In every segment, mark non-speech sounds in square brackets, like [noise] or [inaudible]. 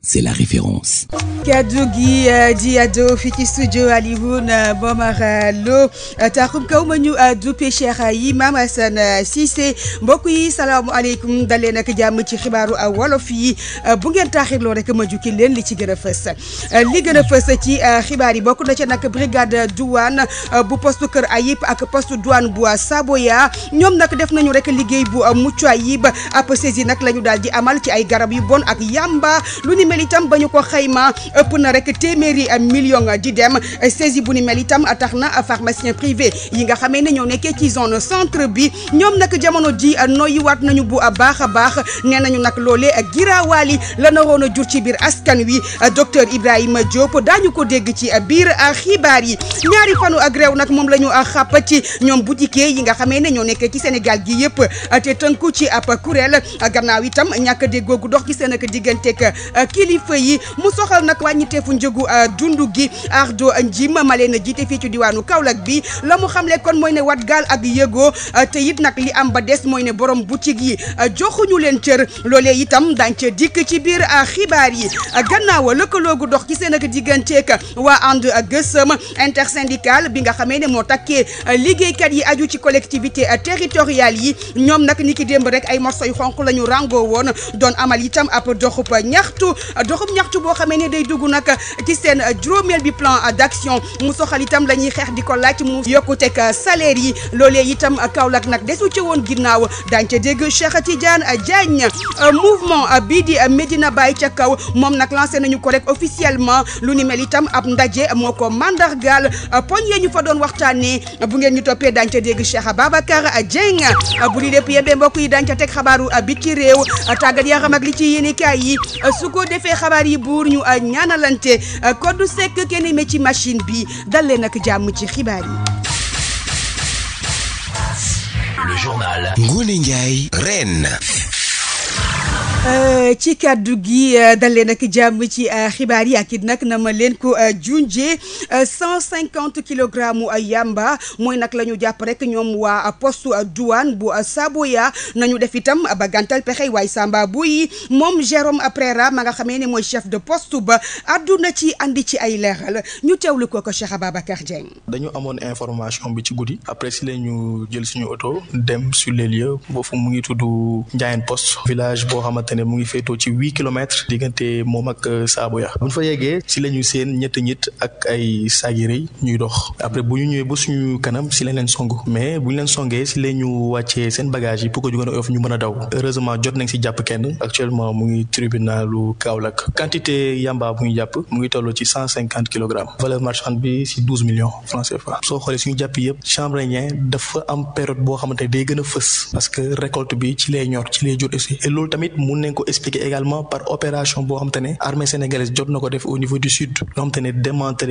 c'est la référence. kaddu gi euh, di àddoo fii ci studio Alioune Momar euh, euh, Lo taxum kaw ma ñu duppe Cheikh yi Maam Assane Cissé mbokk yi salaamualeykum dalee nak jàmm ci xibaaru wolof yi bu ngeen taaxirloo rek ma jukki leen li ci gën a fës li gën a fës ci xibaar yi bokk na ci nag brigade douane bu poste Kër Ayib ak poste douane bu Saboya ñoom nag def nañu rek liggéey bu mucc ayib ab saisi nag la ñu daal di amal ci ay garab yu bon ak yamba lu ni mel itam ba ñu ko xayma ëpp na rek téeméeri million di dem saisi bu ni mel itam tax na pharmacien privé yi nga xamee ne ñoo nekkee ci zone centre bi ñoom nag jamono ji noyyiwaat nañu bu baax a baax nee nañu nag loolee giraawaali la naroon a jur ci biir askan wi docteur Ibrahima Diop daañu ko dégg ci biir xibaar yi ñaari fanu ak réew nag moom la ñu xàpp ci ñoom boutique yi nga xamee ne ñoo nekkee ci Sénégal gi yëpp te tënku ci ab kuréel gannaaw itam ñàkk a déggoo gu dox ci seen ak digganteeg kilifa yi mu soxal nag wàññiteefu njëgu euh, dundu gi Ardo Njim malee na jiite fii ci diwaanu Kaolack bi la mu xamle kon mooy ne wat gaal ak yëgoo euh, te it nag li am ba des mooy ne borom boutique yi euh, joxuñu leen cër loole itam dañ ca dikk ci biir xibaar yi gannaaw lëkkaloogu dox ci seen ak digganteeg waa ànd gësëm intersyndical bi nga xamee ne moo takkee liggéeykat yi aju ci collectivité territoriale yi ñoom nag ni ki démb rek ay morso yu xonq la ñu rango woon doon amal itam ab doxub ñaxtu doxum ñaxtu boo xamee ne day dugg nag ci seen juróomeel bi plan d'action mu soxal itam la ñuy xeex di ko laaj mu yokkuteg salaire yi loolee itam Kaolack nag desu ci woon ginnaaw daañu ca dégg Cheikh Tidiane Diagne mouvement bii di Medina Baye ca kaw moom nag lancé nañu ko rek officiellement lu ni mel itam ab ndaje moo ko mandargaal poñ yee ñu fa doon waxtaanee bu ngeen ñu toppee daañu ca dégg Cheikh Babacar Dieng bu li lépp yembee mbokk yi daañu ca teg xabaaru bi ci réew tàggat yaram ak li ci yéenekaay yi su ko defee xabaar yi buur ñu euh, ñaanalante euh, code sec kenn me ci machine bi dal nak ak jàmm ci xibaar yi. Le journal Ngoné Euh, ci kàddu gi euh, dalee nag jàmm ci euh, xibaar yi ak nag na ma leen ko junjee cent cinquante kilogramme yamba mooy nag la ñu jàpp rek ñoom waa poste douane bu Saboya nañu def itam ba gàntal pexe waaye Samba Boy moom Jérôme Prera ma nga xamee ne mooy chef de poste ba addu na ci andi ci ay leeral ñu teewlu ko ko Cheikh Ababacar Dieng. dañu amoon information bi ci guddi après si la ñu jël suñu oto dem sur les lieux boofu mu ngi tudd Ndiayène poste village boo xamante xamante ne mu ngi féetoo ci huit kilomètres diggante moom ak euh, Saabuya bu ñu fa yeggee si la ñuy seen ñetti nit ak ay saag yi ñuy dox après bu ñu ñëwee ba suñu kanam si lañ leen song mais bu ñu leen songee si la ñu wàccee seen bagage yi pour que ñu a oyof ñu mën a daw heureusement jot nañ si jàpp kenn actuellement mu ngi tribunalu Kaolack quantité yamba bu ñu jàpp mu ngi toll ci cent cinquante kilogrammes valeur marchande bi si douze millions francs CFA soo xoolee suñu jàpp yëpp chambréien dafa am boo xamante ne day gën a fës parce que récolte bi ci lay ñor mun ko expliquer également par opération boo xam armée sénégalaise jot na ko def au niveau du sud loo xam te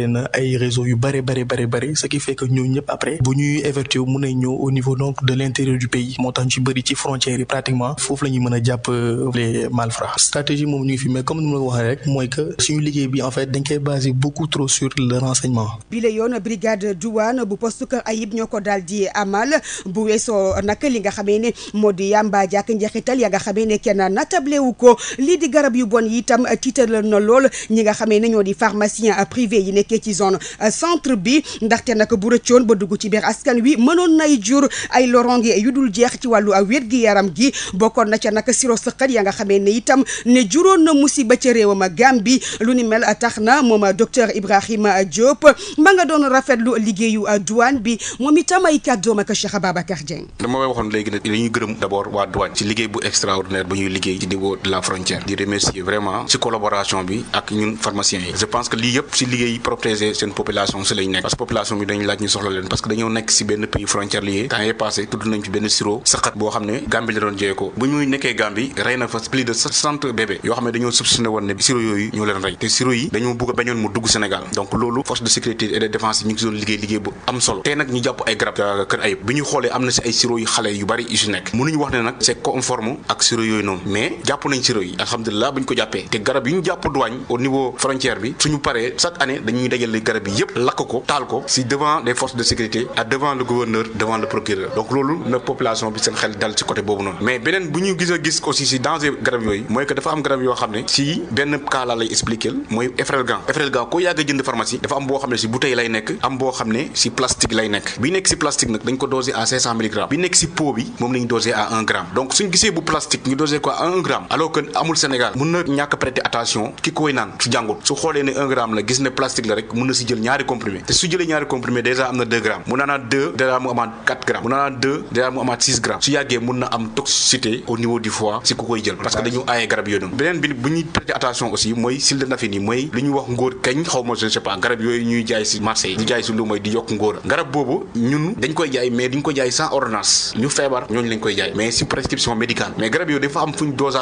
na ay réseaux yu bëri bëri bëri bëri ce qui fait que ñoo ñëpp après bu ñuy évertué mun nañ ñëw au niveau donc de l'intérieur du pays moo tax ñu ci bëri ci frontières yi pratiquement foofu la ñuy a jàpp euh, les malfrats stratégie moom ñu fi mais comme ni ma la ko rek mooy que suñu liggéey bi en fait dañ koy beaucoup trop tablewu ko lii di garab yu bon yi itam eh, tiital na lool ñi nga xamee ne ñoo di pharmacien eh, privé yi nekkee ci zone eh, centre bi ndaxte nag bu rëccoon ba dugg ci biir askan wi mënoon nay jur ay loronge yu dul jeex ci wàllu wér gi yaram gi bokkoon na ca nag siro sëqat ya nga xamee ne itam ne juróon na musiba ca réewam bi lu ni mel a tax na moom a docteur Ibrahima Diop ma nga doon rafetlu liggéeyu douane bi moom itam ay kàddoom ak Cheikh Ababacar Dieng dama waxoon léegi ne dañuy gërëm d'abord waa douane ci liggéey bu extraordinaire ñuy liggéey ci de la frontière di remercier vraiment ci collaboration bi ak ñun pharmaciens yi je pense que lii yëpp ci liggéey protéger seen population ci lañ nekk parce que bi dañu laaj ñu soxla leen parce que dañoo nekk ci benn pays frontière lié temps yee passé tudd nañ ci benn sirop saxat yoo xam ne dañoo soupçonné yooyu ñoo leen rey te sirop yi dañoo bëgg a bañoon mu dugg Sénégal donc loolu force de sécurité et de défense ñu ngi doon liggéey liggéey bu am solo tey nag ñu jàpp ay garab kër ayib bi ñu xoolee am na ci ay sirop yu xale yu bari yu ci nekk mënuñu wax ne nag c'est conforme ak jàpp nañ sirop yi alhamdulilah bu ko jàppee te garab yi ñu jàpp douane au niveau frontière bi suñu paree chaque année dañuy dajale garab yi yëpp lakk ko taal ko si devant les forces de sécurité à devant le gouverneur devant le procureur donc loolu na population bi seen xel dal si côté boobu noonu mais beneen bu ñu gis a gis aussi si danger garab yooyu mooy que dafa am garab yoo xam ne si benn cas lay expliquer mooy Efferalgan Efferalgan koo yàgg boo xam ne si bouteille lay nekk am boo xam ne si plastique lay ko dosé à 500 milligrammes bi nekk si gramme alors que amul Sénégal mën na ñàkk prêter attention ki koy naan su jàngut su xoolee un gramme la gis ne plastique la rek mën na si jël ñaari comprimé te su jëlee ñaari comprimé déjà am na deux grammes mu naanaat deux déjà mu mu naanaat deux déjà mu amaat six grammes am toxicité au jaay si lu mooy di yokk ngóor garab boobu ñun dañ koy jaay mais duñ ko jaay sans ordonnance ñu feebar ñooñu lañ koy jaay mais si prescription médicale mais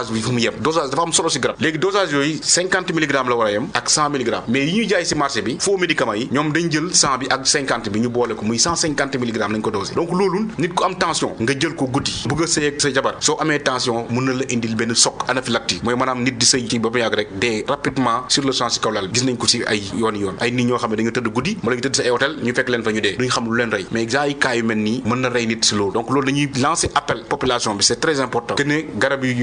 dosage dafa am solo si garab léegi dosage yooyu cinquante milligrammes la war a ak cent milligrammes mais yi ñuy jaay si marché bi faux médicaments yi ñoom dañ jël cent bi ak cinquante bi ñu boole ko muy cent cinquante milligrammes lañ ko dosé donc loolu nit ku am tension nga jël ko guddi bëgg a sa jabar soo amee tension mën na la indil benn choc anaphylactique mooy maanaam nit di sëy ci ba yàgg rek dee rapidement sur le champ si kaw lal gis nañ ko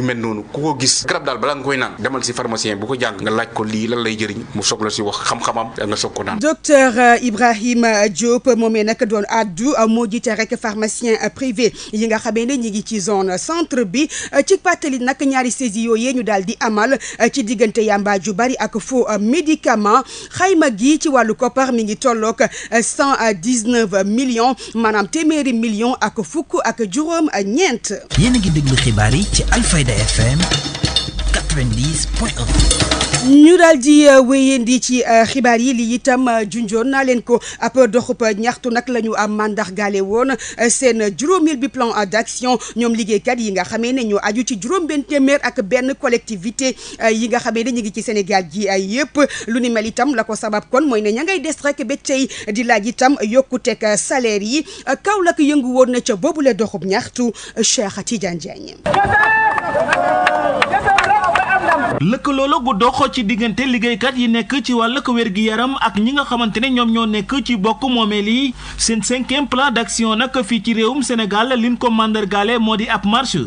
si noonu ku ko gis garab daal balaa nga koy naan demal si pharmacien bu ko jàng nga laaj ko lii lan lay jëriñ mu soog la si wax xam-xamam nga soog ko naan. docteur euh, Ibrahima Diop moomee nag doon addu euh, moo jiite rek pharmacien euh, privé yi nga xamee ne ñi ngi ci zone centre bi ci pàttali nag ñaari saisi yooyu ñu daal di amal ci diggante yamba ju bari ak faux médicament xayma gi ci wàllu koppar mi ngi tolloog cent dix-neuf millions maanaam téeméeri million ak fukk ak juróom ñeent. yéen a xibaar yi ci Alfayda FM 90.1 ñu daal di euh, ci euh, xibaar yi lii itam euh, junjoon naa leen ko ab doxub ñaxtu nag lañu am am mandaxgaale woon seen juróomil bi plan d'action ñoom liggéeykat yi nga xamee ne ñu aju ci juróom benn téeméer ak benn collectivité yi nga xamee ne ñu ngi ci Sénégal ji ay yëpp lu ni mel itam la ko sabab kon mooy ne ña ngay des rekk be tey di laaj itam yokkuteeg salaire yi Kaolack yëngu woon na ca boobule doxub ñaxtu Cheikh Tidiane Diagne lëkkaloo la gu dox ci diggante liggéeykat yi nekk ci wàllug wér-gi-yaram ak ñi nga xamante ne ñoom ñoo nekk ci bokk moomeel yi seen cinquième plan d'action nag fii ci réewum Sénégal liñ ko màndargaale moo di ab marche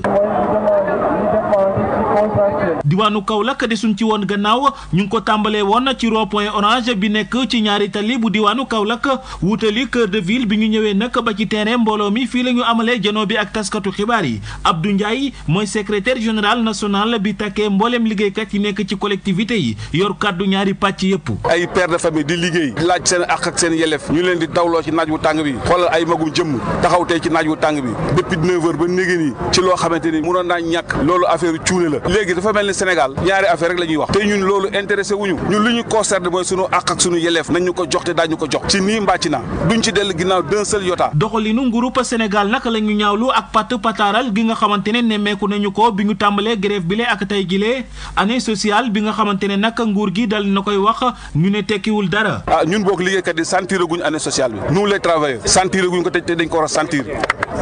diwaanu Kaolack desuñ ci woon gannaaw ñu ngi ko tàmbalee woon ci rond point orange bi nekk ci ñaari tali bu diwaanu Kaolack wutali cœur de ville bi ñu ñëwee nag ba ci terrain mbooloo mi fii la ñu amalee janoo bi ak taskatu xibaar yi ab du Ndiaye mooy secrétaire général national bi takkee mbooleem liggéeykat yi nekk ci collectivité yi yor kàddu ñaari pàcc yëpp. ay père de famille di liggéey laaj seen ak ak seen yelef ñu leen di dawloo ci naaj wu tàng bi xoolal ay magum jëmm taxaw tey ci naaj wu tàng bi depuis 9 ba léegi nii ci loo xamante ni mënoon naa ñàkk loolu affaire cuune la léegi dafa mel ni Sénégal ñaari affaire rek la wax te ñun loolu intéressé ñun lu ñu concerné mooy sunu àq ak sunu yeleef nañ ñu ko jox te daañu ko jox ci nii mbaa ci naa duñ ci dellu ginnaaw d'un seul doxalinu nguurub Sénégal naka la ñaawlu ak pàtt pataaral gi nga xamante ne nemmeeku nañu ko bi ñu tàmbalee grève bi lee ak tey gilee année sociale bi nga xamante ne nag nguur gi dal na koy wax ñu ne tekkiwul dara ah ñun boog liggéeykat yi sentir guñu année sociale bi nous les travailleurs sentir guñ ko te dañ ko a sentir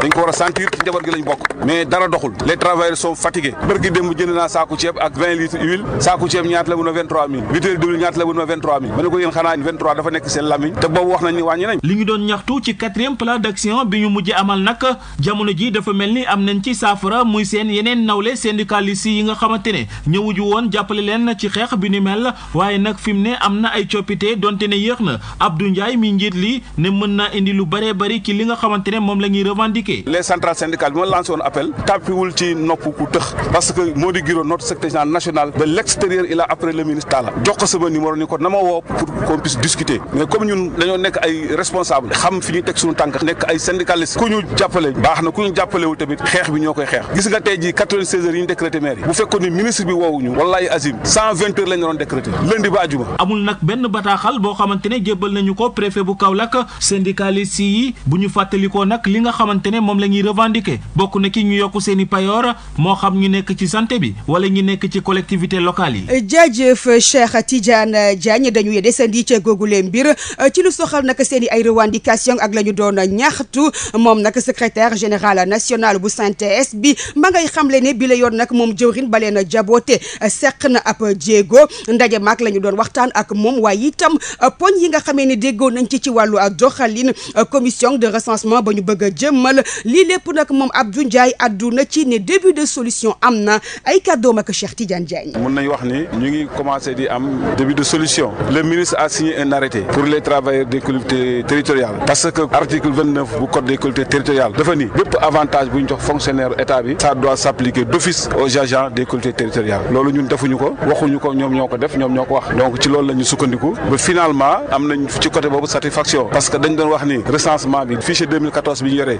dañ a sentir ci njaboot gi lañ bokk mais dara doxul les travailleurs sont jënd naa saaku ceeb ak 20 litres saaku ceeb ñaata la mun a 23000 litre diwlin ñaata la mun a 23000 ma ne ko yéen xanaa 23 dafa nekk seen lamiñ te boobu wax nañ wàññi nañ li ñu doon ñaxtu ci quatrième plan d'action bi ñu mujj amal nag jamono ji dafa mel ni am nañ ci saafara muy seen yeneen nawle syndicaliste yi nga xamante ne ñëwuju woon jàppale leen ci xeex bi ni mel waaye nag fi mu ne am na ay coppite donte ne yéex na Abdou Ndiaye mi njiit li ne mën na indi lu bëree bëri ci li nga xamante ne moom la ñuy revendiquer les centrales syndicales inauguré notre secrétaire national de l'extérieur il a appelé le ministre Talla jox ko sama numéro ni ko na ma woo pour qu'on puisse discuter mais comme ñun dañoo nekk ay responsable xam fi ñuy teg suñu tànk nekk ay syndicaliste ku ñu jàppale baax na ku ñu jàppalewul tamit xeex bi ñoo koy xeex gis nga tey jii 96 heures yi ñu décrété maire yi bu fekkoon ni ministre bi woowuñu wallahi azim 120 heures lañ doon décrété ba àjjuma amul nag benn bataaxal boo xamante ne jébbal nañu ko préfet bu nag li nga xamante ne moom la ñuy revendiquer bokk na ki ñu yokk seen i payoor moo xam nekk ci santé bi yi wala ñi nekk ci collectivité locale yi. jaajëf Cheikh Tidiane Diagne dañuy desandi ca googulee mbir ci lu soxal nag seen i ay revendication ak la ñu doon ñaxtu moom nag secretaire général national bu synthèse bi ma ngay xamle ne bi la yoon nag moom jëwrin ba leen jaboote seq na ab jéego ndaje maak la ñu doon waxtaan ak moom waaye yitam poñ yi nga xamee ne déggoo nañ ci ci wàllu doxalin commission de recensement ba ñu bëgg a jëmmal lii lépp nag moom Abdou Ndiaye àdduna ci ne début de solution am na ay kàddoom ak Cheikh Tidiane Diagne. mun nañu wax ni ñu ngi commencé di am début de solution le ministre a signé un arrêté pour les travailleurs des collectivités territoriales parce que article bu code des collectivités territoriales dafa ni bépp avantage bu ñu jox fonctionnaire état bi ça doit s'appliquer d'office aux agents des collectivités territoriales loolu ñun defuñu ko waxuñu ko ñoom ñoo ko def ñoom ñoo ko wax donc ci loolu la ñu sukkandiku ba finalement am nañ ci côté boobu satisfaction parce que dañ ni recensement bi fichier 2014 bi ñu yoree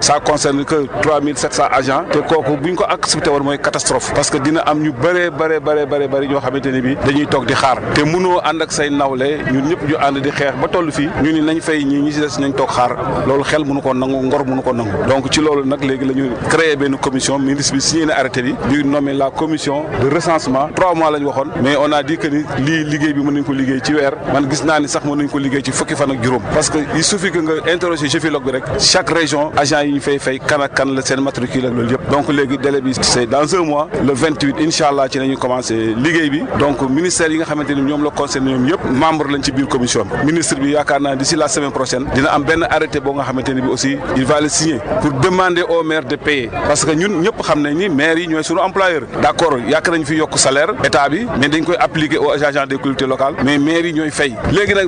am ñu bëree bëree bëree bëri bëri ñoo xamante ne bi dañuy toog di xaar te mënoo ànd ak say nawle ñun ñëpp ñu ànd di xeex ba toll fii ñu ni nañ fay ñi ñi si des nañ toog xaar loolu xel mënu ko nangu ngor mënu ko nangu donc ci loolu nag léegi la ñu créé benn commission ministre bi signé na arrêté bi ñu nommé la commission de recensement trois mois la ñu waxoon mais on a dit que ni lii liggéey bi mën nañ ko liggéey ci weer man gis naa ni sax mën nañ ko liggéey ci fukki fan ak juróom parce que il suffit que nga interroger géologue bi rek chaque région agent yi ñu fay fay kan ak kan la seen matricule ak loolu yëpp donc léegi délai bi c'est dans un mois le 28 18 incha allah ci nañu commencé liggéey bi donc ministère yi nga xamante ni ñoom la concerné ñoom yëpp membre lañ ci biir commission bi ministre bi yaakaar naa d'ici la semaine prochaine dina am benn arrêté boo nga xamante ni bi aussi il va le signer pour demander au maire de payer parce que ñun ñëpp xam nañ ni maire yi ñooy suñu employeur d'accord yàq nañ fi yokk salaire état bi mais dañ koy appliquer aux agents des collectivités locales mais maire yi ñooy fay léegi nga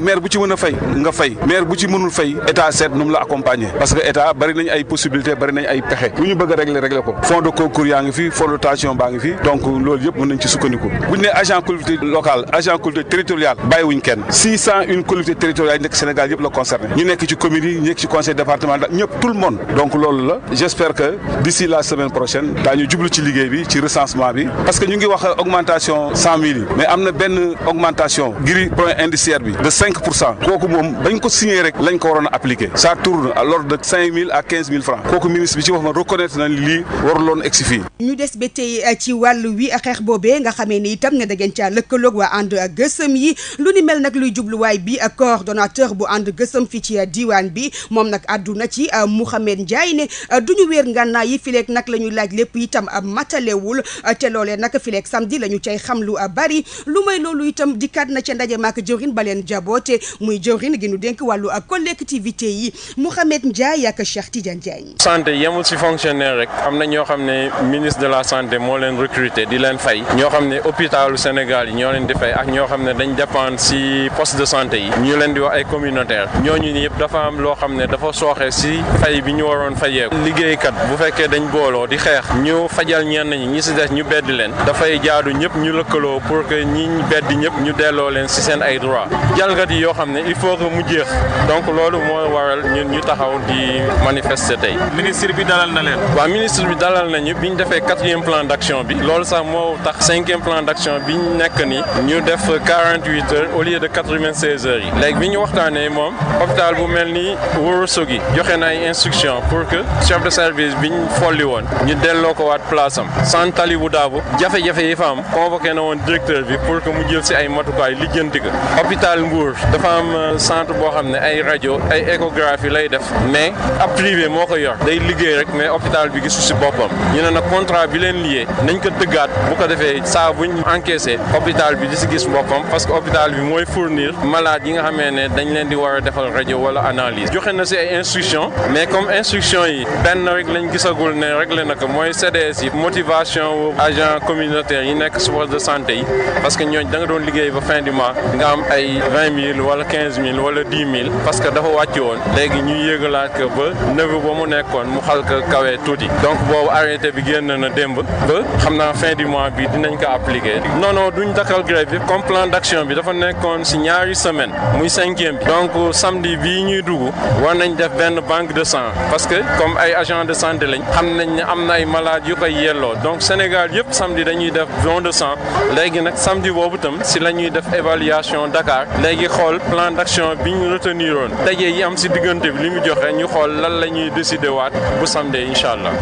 fay maire bu ci mënul fay état seet nu mu la accompagner parce que ay possibilités bari nañ ay pexe lu ñu bëgg yaa ngi fi fonds de ngi fi donc loolu yëpp mën nañ ci sukkandiku bu ñu nee agent collectivité locale agent collectivité territoriale bàyyiwuñ kenn six cent une collectivité nekk Sénégal yëpp la concerné ñu nekk ci communes ñu nekk ci conseil départemental ñëpp tout le monde donc loolu la j'espère que d'ici la semaine prochaine daañu jublu ci liggéey bi ci recensement bi parce que ñu ngi wax augmentation mais am na benn augmentation giri point indiciaire bi de pour cent kooku moom bañ ko signé rek lañ ko waroon a appliqué ça tourne à l'ordre de cinq mille à wàllu wi xeex boobe nga xamee ni itam ne da ca caa lëkkaloog waa ànd gësëm yi lu ni mel nag luy jubluwaay bi ak coordonnateur bu ànd gësëm fii ci euh, diwaan bi moom nag àdduna ci euh, Mouhamed Ndiaye ne euh, duñu wéer ngànnaay yi fileeg nag la ñuy laaj lépp itam matalewul te loolee nag fileeg samedi la ñu cay xam lu bari lu may loolu itam dikkaat na ca ndaje maak jëwrin ba leen jaboote muy jëwrin gi nu denk wàllu collectivité yi Mouhamed Ndiaye ak Cheikh Tidiane Diagne santé yemul si fonctionnaire rek am na ñoo xam ne ministre de la santé activité di leen fay ñoo xam ne hôpitalu Sénégal yi ñoo leen di fay ak ñoo xam ne dañ dépendre si poste de santé yi ñu leen di wax ay ñoo ñu ni yëpp dafa am loo xam ne dafa sooxe si fay bi ñu waroon fayeeku liggéeykat bu fekkee dañ booloo di xeex ñu fajal ñenn ñi ñi si des ñu beddi leen dafay jaadu ñëpp ñu lëkkaloo pour que ñi beddi ñëpp ñu delloo leen si seen ay droit jalgat yi yoo xam ne il faut que mu jeex donc loolu moo waral ñun ñu taxaw di manifester tey ministre bi dalal na leen waaw ministre bi dalal nañu biñ defee quatrième plan d'action bi loolu sax moo tax cinquième plan d'action bi ñu nekk ni ñu def quarante huit heures au lieu de quatre vingt seize heures yi léegi bi ñu waxtaanee moom hôpital bu mel ni Ourossogui joxe na ay instruction pour que chef de service bi ñu folli woon ñu delloo ko waat place am sant Talibou Dabo jafe-jafe yi fa am convoqué na woon directeur bi pour que mu jël si ay matukaay lijjanti ko hôpital Mbour dafa am euh, centre boo xam ne ay rajo ay échographie lay def mais ab privé moo ko yor day liggéey rek mais hôpital bi gisu si boppam brigade bu ko defee saa buñ encaissé hôpital bi di si gis boppam parce que hôpital bi mooy fournir malade yi nga xamee ne dañ leen di war a defal rajo wala analyse joxe na si ay instruction mais comme instruction yi benn rek lañ gisagul ne réglé na ko mooy CDS yi motivation wu agent communautaire yi nekk si poste de santé yi parce que ñooñ da nga doon liggéey ba fin du mois nga am ay vingt mille wala quinze mille wala dix mille parce que dafa wàcc woon léegi ñu yëgalaat ko ba neuf ba mu nekkoon mu xal ko tuuti donc boobu arrêté bi génn na démb fin du mois bi dinañ ko appliquer non non duñ dakkal grève bi comme plan d'action bi dafa nekkoon si ñaari semaine muy cinquième bi donc samedi bii ñuy dugg war nañ def benn banque de sang parce que comme ay agent de santé lañ xam nañ ne am na ay malades yu koy yelloo donc Sénégal yëpp samedi dañuy def don de sang léegi nag samedi boobu tam si la ñuy def évaluation Dakar léegi xool plan d'action bi ñu retenir woon daje yi am si diggante bi li mu joxe ñu xool lan la ñuy décider incha allah.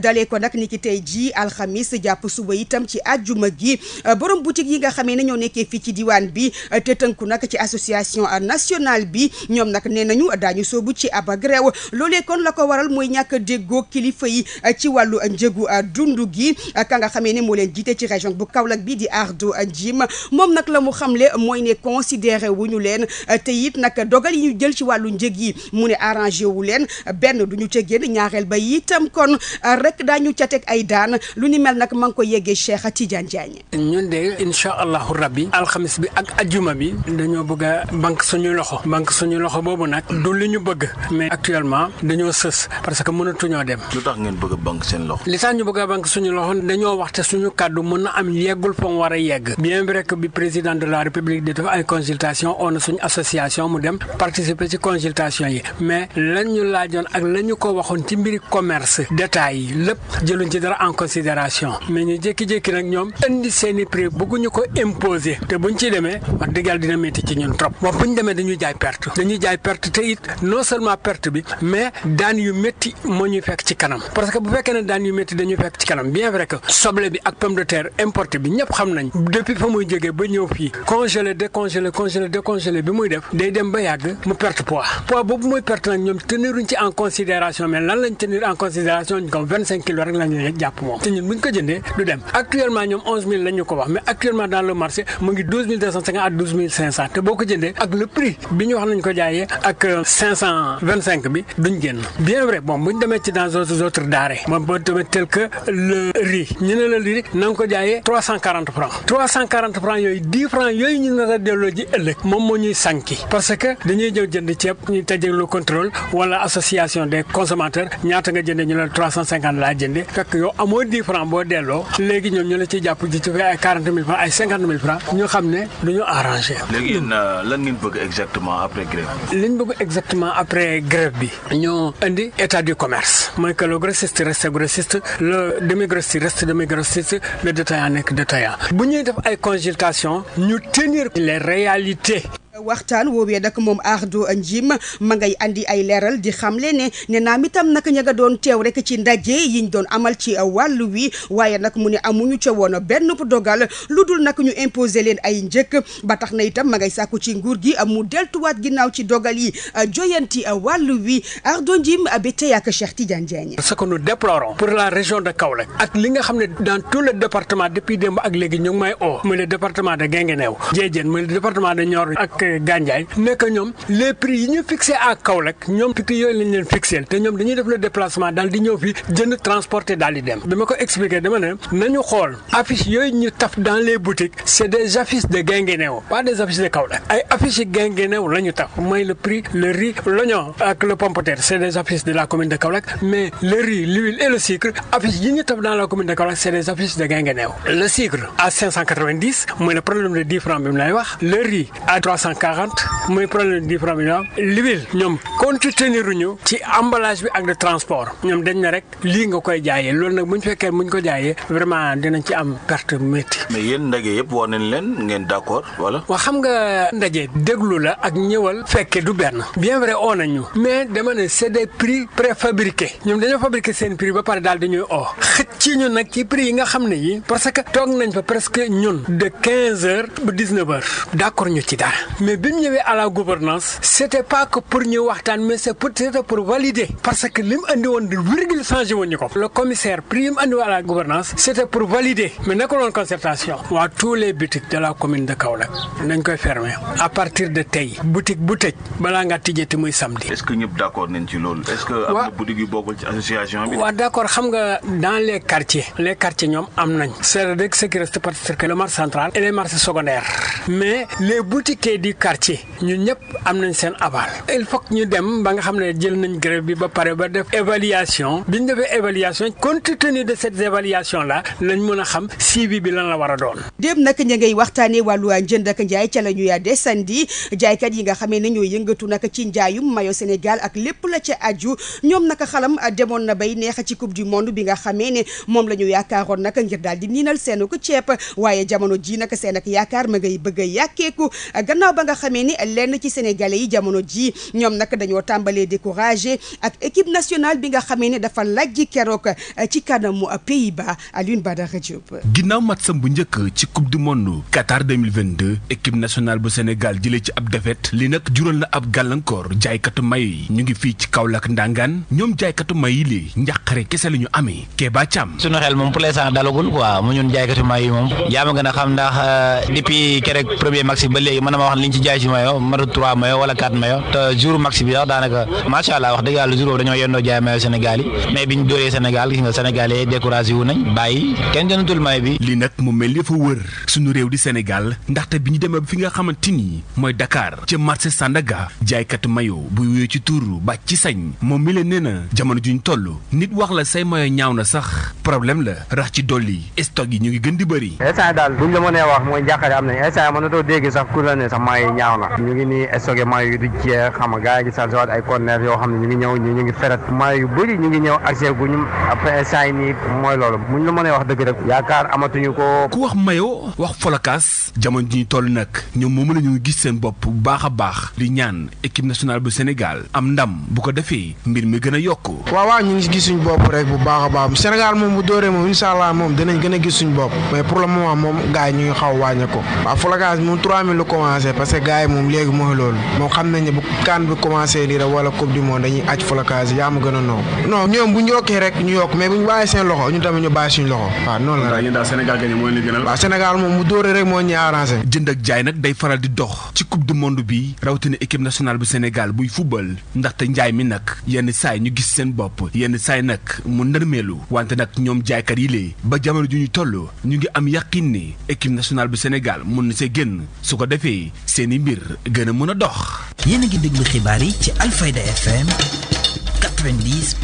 dalee ko nag ni ki tey ji alxamis jàpp suba itam ci àjjuma gi euh, borom boutique yi nga xamee ne ñoo nekkee fii ci diwaan bi euh, te tënku nag ci association nationale bi ñoom nag nee nañu daañu soobu ci ab grève loolee kon la ko waral mooy ñàkk déggoo kilifa yi euh, ci wàllu njëgu dund gi ka nga xamee ne moo leen jiite ci région bu Kaolack bi di Ardo Jim moom nag la mu xam xamle mooy ne considéré wu leen te it nag dogal yi ñu jël ci wàllu njëg yi mu ne arrangé wu leen benn du ñu ca génn ba itam Euh, rek daañu ca teg ay daan lu ni mel nag maa ngi ko yeggee Cheikh Tidiane Diagne. ñun de incha allahu rabbi alxamis bi ak ajuma bi dañoo bëgg a banque suñu loxo banque suñu loxo boobu nag du li ñu bëgg mais actuellement dañoo sës parce que mënatuñoo dem. lu tax ngeen bëgg a banque seen loxo. li tax ñu bëgg a banque suñu loxo dañoo waxte suñu kàddu mën na am yeggul fa mu war a yegg bien vrai que bi président de la république di def ay consultation on a suñu association mu dem participer ci consultation yi mais lañ ñu lañ ñu waxoon ci mbiri commerce état lépp jëluñ ci dara en considération mais ñu jékki-jékki nag ñoom indi seen i prix bëgguñu ko imposer te buñ ci demee wax dëgg dina métti ci ñun trop wax buñ demee dañuy jaay perte dañuy jaay perte te it non seulement perte bi mais daan yu métti moo ñuy fekk ci kanam parce que bu fekkee ne daan yu métti dañuy fekk ci kanam bien vrai que soble bi ak pomme de terre importé bi ñëpp xam nañ depuis fa muy jógee ba ñëw fii congelé décongelé congelé décongelé bi muy kaw vingt cinq kilos rek la moom te ñun bu ñu ko du dem actuellement ñoom onze ko wax mais actuellement dans le marché mu ngi douze te boo ko ak le bi ñu wax nañ ko jaayee ak euh, cinq cent vingt génn bien vrai bon bu ñu demee ci dans d'autres autres denrées moom boo tel que le riz ñu ne la riz ko jaayee trois cent yooyu ñu nar a delloo ji moom moo ñuy sànki parce que dañuy jëw jënd ceeb ñu tëjee le contrôle wala association des consommateurs ñaata nga jëndee ñu ne 250 laa jëndee fekk yow amoo 10 francs boo delloo léegi ñoom ñu la ciy jàpp ci ay 40 000 ay 50 000 ñu xam ne duñu arrangé. léegi yéen euh, lan ngeen bëgg exactement après grève. li ñu bëgg état du commerce mooy que le grossiste reste grossiste demi grossiste reste demi grossiste le détaillant nekk détaillant bu ñuy def ay consultation ñu tenir les réalités. waxtaan woowee nag moom Ardo Njim ma ngay andi ay leeral di xam xamle ne ne mi tam nag ña nga doon teew rek ci ndaje yiñ doon amal ci wàll wii waaye nag mu ne amuñu ca woon benn dogal lu dul nak ñu imposer leen ay njëkk ba tax na itam ma ngay sàkku ci nguur gi mu deltuwaat ginnaaw ci dogal yi joyanti wàllu wi Ardo Njim ba tey ak Cheikh Tidiane Diagne. ce que nous déplorons pour la région de Kaolack ak li nga xam ne dans tu le département depuis démb ak léegi ñu ngi may oo Gandiaye nekk ñoom les prix yi ñu fixé à Kaolack ñoom prix yooyu lañ leen fixé te ñoom dañuy def le déplacement daal di ñëw fi jënd transporté daal di dem bi ma ko expliqué dama ne nañu xool affiche yooyu ñu taf dans les boutiques c'est des affiches de Guinguinéo pas des affiches de Kaolack ay affiches yi Guinguinéo taf mooy le prix le riz l'oignon ak le pomme c'est des affiches de la commune de Kaolack mais le riz l'huile et le sucre affiches yi ñu taf dans la commune de Kaolack c'est 40 muy problème différent bi ñoom l'huile ñoom contenir ñu ci emballage bi ak le transport ñoom dañ na rek lii nga koy jaayee loolu nag bu ñu fekkee bu ko jaayee vraiment dinañ ci am perte métti. mais yéen ndaje yëpp woo nañ leen ngeen d'accord wala. waa xam nga ndaje déglu la ak ñëwal fekkee du benn bien vrai oo nañ ñu mais dama ne c'est des prix préfabriqués ñoom dañoo fabriqué seen prix ba pare daal dañuy oo o ci ñu nag ci prix yi nga xam ne yi parce que toog nañ fa presque ñun de 15 heures ba 19 heures d'accord mais bi mu ñëwee à la gouvernance c' était pas que pour ñu waxtaan mais c' est pour c' parce que li andi woon de virgule changé woon ñu ko le commissaire prix andi woon à la gouvernance c' était pour valider mais nekkul woon concertation waa tous les boutiques de la commune de nañ koy fermer à partir de tey boutique bu tëj balaa nga tijjati muy samedi. est ce que ñëpp d' accord nañ ci loolu. est ce que am nañ. c' est ce qui reste parce que le marché central et les marchés secondaires mais les boutiques di quartier ñun ñëpp am nañ seen aval il faut ñu dem ba nga xam bi ba pare ba def évaluation bi ñu defee évaluation compte tenu de cette évaluation là lañ mën a xam bi la war a doon. démb nag ña ngay waxtaanee wàllu njënd ak njaay ca la ñuy desandi jaaykat yi nga xamee ne ñooy yëngatu nag ci njaayum mayo Sénégal ak lépp la ca aju ñoom nag xalam demoon na bay neex ci coupe du monde bi nga xamee ne moom la ñu yaakaaroon nag ngir daal di niinal seen ko ceeb waaye jamono ji nag seen ak yaakaar ma ngay bëgg a yàkkeeku gannaaw ba nga xamee ni lenn ci sénégalais yi jamono ji ñoom nag dañoo tàmbalee découragé ak équipe nationale bi nga xamee ne dafa lajji keroog euh, ci kanamu Pays-Bas Alioune Badara Diop. ginnaaw matsam bu njëkk ci coupe du monde Qatar 2022 équipe nationale bu Sénégal jëlee ci ab défaite li nag jural na ab gàllankoor jaaykatu may yi ñu ngi fii ci Kaolack Ndangaan ñoom jaaykatu may yi li njàqare kese la ñu amee Kéba Thiam. sunu xel moom pour l'instant dalagul quoi mu ñun jaaykatu may yi moom yaa a ñu ci jaay ci mayo matu trois mayo wala quatre mayo te jour max bi sax daanaka macha allah wax dëgg yàlla jour boobu dañoo yendoo jaay mayo Sénégal yi ni dafa moom mi la nee na jamono juñ toll nit wax la say mayo ñaaw na sax problème la rax ci dolli stock yi ñu ngi gën di bëri. instant daal buñ la mënee wax mooy njàqare am nañ instant mënatoo dégg sax ku la ne sax maillots yi ñaaw na ñu ngi nii stocké maillots yi du jeex xam a gars yi ngi salsiwaat ay corner yoo xam ne ñu ngi ñëw ñu ngi feret maillots yu bëri ñu ngi ñëw accès gu ñu après saa yi nii mooy loolu muñ la mënee wax dëgg rek yaakaar amatuñu ko ku wax maillot wax folokaas jamono ji ñu toll nag ñoom moom la ñu gis seen bopp bu baax a baax di ñaan équipe nationale bu Sénégal am ndam bu ko defee mbir mi gën a yokk waaw waaw ñu ngi gis suñu bopp rek bu moom bu dóoree moom incha allah moom dinañ gën a moom gars yi ñu ngi xaw wàññe ko waaw folokaas moom parce que yi moom léegi mooy loolu moom xam nañ ne bu kaan bi commencé rek wala coupe du monde dañuy aj flocage yaa ma gën a noo non ñoom bu ñu rek ñu yokk mais bu ñu bàyyi ñu tamit ñu bàyyi suñu loxo waaw noonu la rek daal Sénégal gagné mooy li gënal waaw Sénégal moom jënd ak jaay nag day faral di dox ci coupe du monde bi rawatina équipe nationale bu Sénégal buy fubal ndaxte njaay mi nag yenn saay ñu gis seen bopp yenn saay nag mu nërmeelu wante nag ñoom jaaykat yi lee ba jamono ju ñu toll ñu ngi am yàqin ne équipe nationale bu Sénégal mun na see génn su ko defee seeni mbir gën a mën a dox. yéen a ngi déglu xibaar yi ci Alfayda FM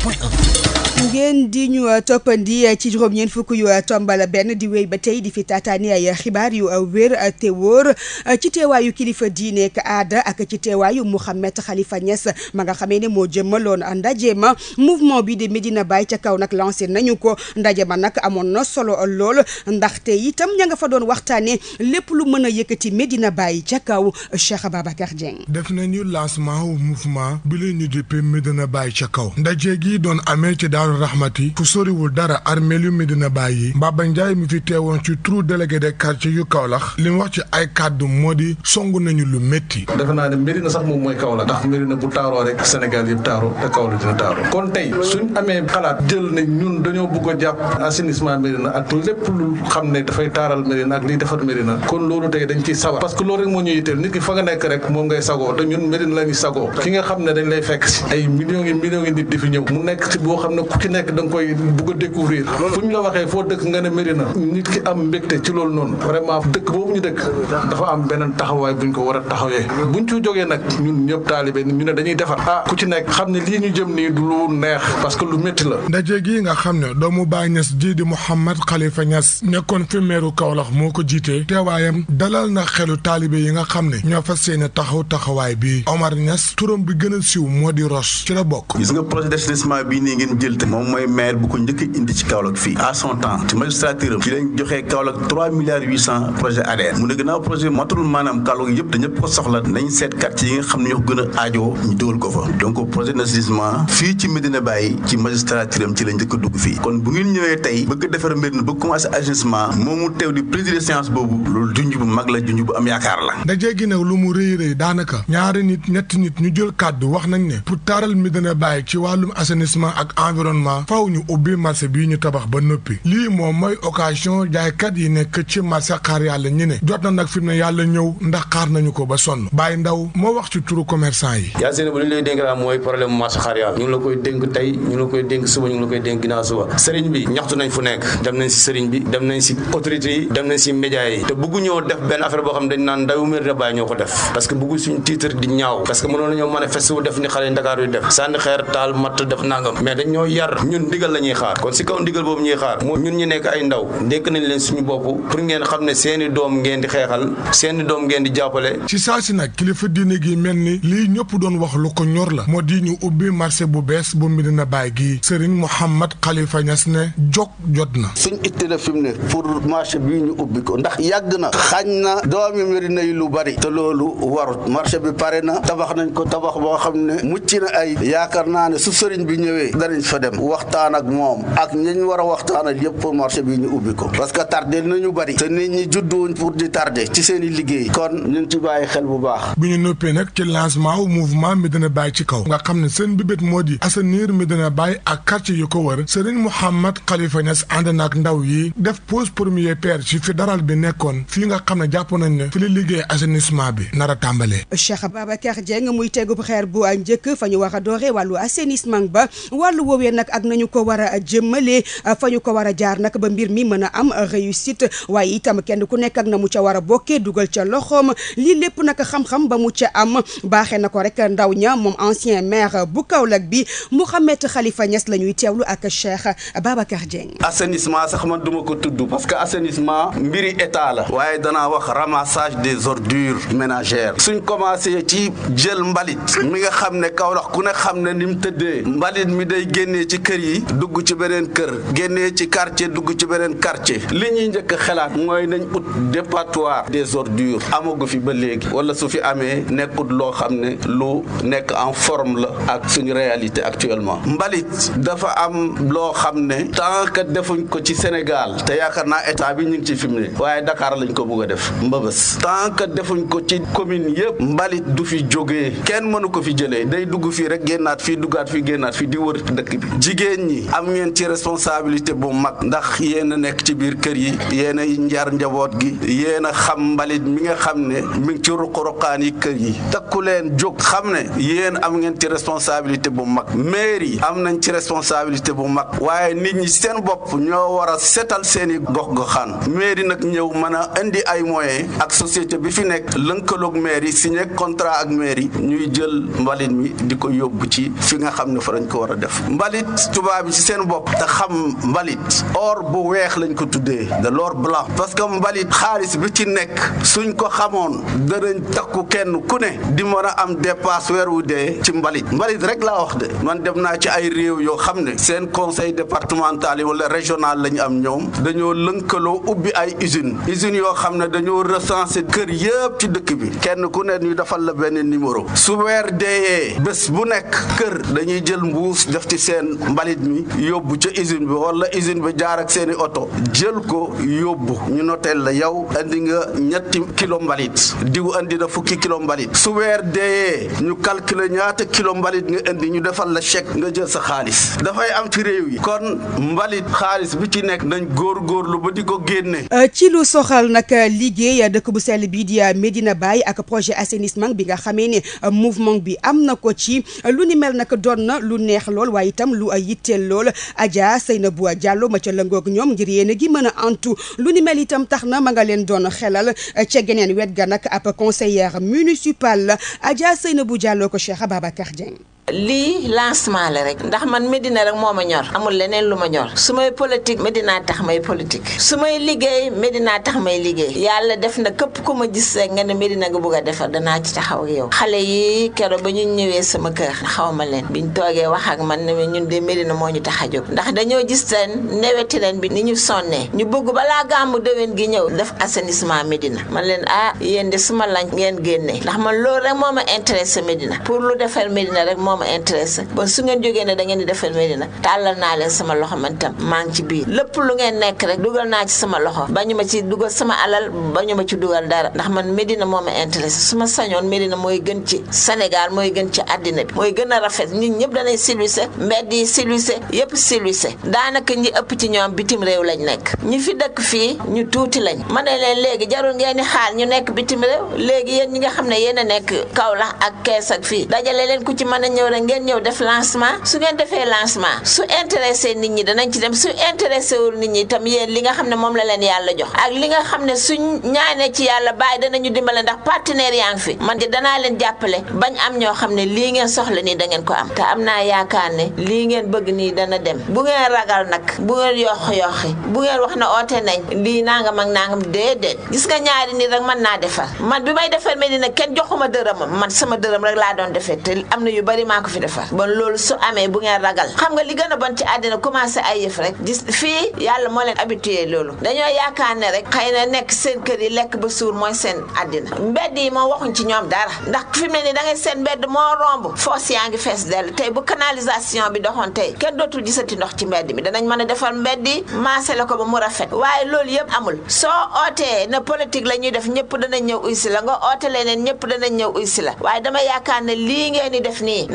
point 1. ngeen di ñu uh, toppandi uh, ci juróom-ñeent fukk yu uh, tombal benn di wéy ba tey di fi taataani ay xibaar yu wér te wóor ci teewaayu kilifa diine ak aada ak ci teewaayu Mouhamed Khalifa Niass ma nga xamee ne moo jëmmaloon ndaje ma mouvement bi de Medina Baye ca kaw nag lancé nañu ko ndaje ma nag amoon na solo lool ndaxte itam ña nga fa doon waxtaanee lépp lu mën a yëkkati Medina Baye ca kaw Cheikh Ababacar Dieng. def nañu ñu dippee Medina Baye ca kaw ndaje gi doon amee ci daal daaru rahmati li wax ci ay kàddu moo di song nañu lu métti defe naa ne Medina sax moom mooy Kaolack ndax Medina bu taaroo rek Sénégal yëpp taaroo te Kaolack dina taaroo kon tey suñ amee xalaat jël ne ñun dañoo bëgg a jàpp assainissement Medina ak lépp lu xam ne dafay taaral Medina ak liy defar Medina kon loolu tey dañ ciy sawar parce que loolu rek moo ñu yitteel nit ki fa nga nekk rek moom ngay sagoo te ñun Medina la ki nga xam ne dañ lay fekk si ay millions yi yi nit di fi ñëw mu nekk ci boo xam ne ki nekk da nga koy bugg découvrir ah, fu ñu la waxee foo dëkk nga ne Médina nit ki am mbégte ci loolu noonu vraiment dëkk boobu ñu dëkk dafa am beneen taxawaay buñ ko war a taxawee bu buñ ci jógee nag ñun ñëpp taalibe ñu ne dañuy defar ah ku ci nekk xam ne lii ñu jëm nii du lu neex parce que lu métti la ndaje gi nga xam ne doomu Baay Ñas ji di Mouhamed Khalifa Ñas nekkoon fi meeru Kaolack moo ko jiitee teewaayam dalal na xelu taalibe yi nga xam ne ñoo fas yéene taxaw taxawaay bi Omar Ñas turam bi gën a siiw moo di Ross ci la bokk te moom mooy maire bu ko njëkk indi ci Kaolack fii à temps ci magistrature ci lañ joxee Kaolack 3 milliards 800 projet ADR mu ne gannaaw projet matul maanaam Kaolack yëpp te ñëpp ko soxla nañ seet quartier yi nga xam ne ñoo ko gën ñu dugal ko fa donc projet d'assainissement fii ci Medina Baye ci magistrature ci lañ njëkk dugg fii kon bu ngeen ñëwee tey bëgg defar mbir na bëgg commencé assainissement moomu teew di prise de boobu loolu junj bu mag environnement faw ñu ubbi marché bii ñu tabax ba noppi lii moom mooy occasion jaaykat yi nekk ci marché xaar yàlla ñi ne jot na nag fi mu moo wax ci turu commerçant yi yaa seen bu li lay dénk daal mooy problème marché xaar bi ñaxtu nañ fu nekk dem nañ si sëriñ bi dem nañ si autorité yi dem nañ si média yi te bëggu def benn affaire boo xam dañ naan ndawu Médina Baye ñoo ko def parce que suñu titre di ñaaw parce que mënoon nañoo manifester wu def ni xale Ndakaar def sànni xeer taal matt def nangam mais dañ ñoo yar ñun ndigal la ñuy xaar kon si kaw ndigal boobu ñuy xaar mooy ñu nekk ay ndaw dénk nañ xam ne seeni doom ngeen di xeexal seeni doom ngeen di jàppale ci saa si nag kilifa diine gi mel ni lii ñëpp doon wax lu ko ñor la moo di ñu ubbi marché bu bees bu Medina Baye gi Serigne Mouhamad Khalifa Niass ne jog jot na suñ itti fi mu ne pour marché bi ñu ubbi ko ndax yàgg na xaañ na doomi Medina yi lu bari te loolu warut marché bi pare na tabax nañ ko tabax boo xam ne mucc na ay yaakaar naa ne su sëriñ bi ñëwee danañ fa dem waxtaan ak moom ak ñi ñu war a waxtaanal yëpp pour marché bi ñu ubbi ko parce que tardé nañu bari te nit ñi judduwuñ pour di tardé ci seen i liggéey kon ñu ci bàyyi xel bu baax. bu ñu noppee nag ci lancement wu mouvement Médina Baye ci kaw nga xam ne seen bibét moo di assainir Médina Baye ak quartier yu ko wër Serigne Mouhamad Khalifa Niass ànd na ak ndaw yi def pose premier pierre ci fédéral bi nekkoon fii nga xam ne jàpp nañ ne fi la liggéey assainissement bi nar a tàmbalee. Cheikh Babacar Dieng muy tegub xeer bu njëkk fa ñu war a dooree wàllu assainissement ba wàllu woowee nag ak nañu ko war a jëmmalee fa ñu ko war a jaar nag ba mbir mi mën a am réussite waaye itam kenn ku nekk ak na mu ca war a bokkee dugal ca loxoom lii lépp nag xam-xam ba mu ca am baaxee na ko rek ndaw ña moom ancien maire bu Kaolack bi mu Mouhamed Khalifa Niass la ñuy teewlu ak Cheikh Babacar Dieng. assainissement sax man duma ko tudd parce que assenisement mbiri état la waaye danaa wax ramassage des ordures ménagères suñ commencé ci jël mbalit mi nga xam ne Kaolack ci kër yi dugg ci beneen kër génnee ci quartier dugg ci beneen quartier li ñuy njëkk a xalaat mooy nañ ut dépotoir des ordures amagu fi ba léegi wala su fi amee nekkut loo xam ne lu nekk en forme la ak suñu réalité actuellement mbalit dafa am loo xam ne tant defuñ ko ci Sénégal te yaakaar naa état bi ñu ngi ci fi mu ne waaye Dakar lañ ko bëgg a def mbëbës tant que defuñ ko ci commune yëpp mbalit du fi jógee kenn mënu ko fi jëlee day dugg fii rek génnaat fii duggaat fii génnaat fii di wër dëkk bi jigéen ñi am ngeen ci responsabilité bu mag ndax yéen a nekk ci biir kër yi yéen a njar njaboot gi yéen a xam mbalit mi nga xam ne mi ngi ci ruq-ruqaan yi kër yi takku leen jóg xam ne yéen am ngeen ci responsabilité bu mag mairie yi am nañ ci responsabilité bu mag waaye nit ñi seen bopp ñoo war a setal seeni gox-goxaan mairie nag ñëw mën a indi ay moyens ak société bi fi nekk lënkaloog mairie signé contrat ak mairie ñuy jël mbalit mi di ko yóbbu ci fi nga xam ne fa lañ ko war a def mbalit tubaab bi ci seen bopp te xam mbalit or bu weex lañ ko tuddee de l'or blanc parce que mbalit xaalis bi ci nekk suñ ko xamoon danañ takku kenn ku ne di mën a am dépasse weer wu dee ci mbalit mbalit rek laa wax de man dem naa ci ay réew yoo xam ne seen conseil départemental yi wala régional lañ am ñoom dañoo lënkaloo ubbi ay usine usines yoo xam ne dañoo recensé kër yëpp ci dëkk bi kenn ku ne ñu defal la benn numéro su weer deeyee bés bu nekk kër dañuy seen mbalit mi yóbbu ca usine bi wala usine bi jaar ak seen oto jël ko yóbbu ñu noteel la yow andi nga ñetti kilo mbalit diw andi na fukki kilo mbalit su weer deeyee ñu calculer ñaata kilo mbalit nga indi ñu defal la chèque nga jël sa xaalis dafay am ci réew yi kon mbalit xaalis bi ci nekk nañ góor góor lu ba di ko génne. Euh, ci lu soxal nag euh, liggéey euh, dëkk bu sell bii di Medina bàyyi ak projet assainissement bi nga xamee ne mouvement bi am na ko ci lu ni mel nag doon na lu yitteel lool Adja Seynabou jàlloo ma ca lëngoog ñoom ngir yéene gi mën a antu lu ni mel itam tax na ma nga leen doon xelal ce geneen wet ga nag ab conseillère municipale la na bu jàlloo ko Cheikh Ababacar Dieng lii lancement la rek ndax man médina rek moom ma ñor amul leneen lu ma ñor su may politique Medina tax may politique su may liggéey Medina tax may liggéey yàlla def na képp ku ma gis rek nga ne Medina nga bugg a defar danaa ci taxaw yow xale yi keroog ba ñu ñëwee sama kër xaw ma leen biñ toogee wax ak man ne ñun de Medina moo ñu tax a jóg dañoo gis ren neweti ren bi ni ñu sonnee ñu bëgg balaa gàmmu déwén gi ñëw def assainissement médina man leen ah yéen suma lañ ngeen génnee ndax man loolu rek moo ma intéressé Medina pour lu defar Medina rek da ngeen di defal Medina tàllal naa leen sama loxo man tam maa ngi ci biir lépp lu ngeen nekk rek dugal ma ci dugal sama alal bañu ma ci dugal dara ndax moo ma intéressé su ma sañoon mooy gën ci Sénégal mooy gën ci àddina bi mooy gën a rafet nit ñëpp danay silwise mbedd yi silwise yëpp silwise daanaka ñi ëpp ci ñoom bitim réew lañ nekk ñi fi dëkk fii ñu tuuti lañ ma ne leen léegi jarul ngeen di ñu nekk bitim réew léegi yéen ñi nga xam ne yéen nekk kaw ak Kees ak fii dajale leen ku ci mën a ñëw rek ngeen ñëw def lancement su ngeen defee lancement su intéressé nit ñi danañ ci dem su intéressé wul nit ñi tam yéen li nga xam ne moom la leen yàlla jox ak li nga xam ne suñ ñaanee ci yàlla baay dana ñu dimbale ndax partenaire yaa ngi fi man de danaa leen jàppale bañ am ñoo xam ne lii ngeen soxla nii da ngeen ko am te am naa yaakaar ne lii ngeen bëgg nii dana dem bu ngeen ragal nag bu ngeen yox-yoxi bu ngeen wax na oote nañ lii nangam naa nangam déedéet gis nga ñaari nii rek mën naa defar man bi may defar mel ni nag kenn joxuma dërëm man sama dërëm rek laa doon defee maa ko fi defar bon loolu su amee bu ngeen ragal xam nga li gën a bon ci àddina commencé ay yëf rek gis fii yàlla moo leen habitué loolu dañoo yaakaar ne rek xëy na nekk seen kër yi lekk ba suur mooy seen addina mbedd yi moom waxuñ ci ñoom dara ndax fi mu ne nii da seen mbedd moo romb foos yaa ngi fees dell tey bu canalisation bi doxoon tey kenn dootul gisati ndox ci mbedd mi danañ mën a defar mbedd yi maase la ko ba mu rafet waaye loolu yëpp amul soo ootee na politique la ñuy def ñëpp danañ ñëw uy si la nga ñëpp danañ ñëw uy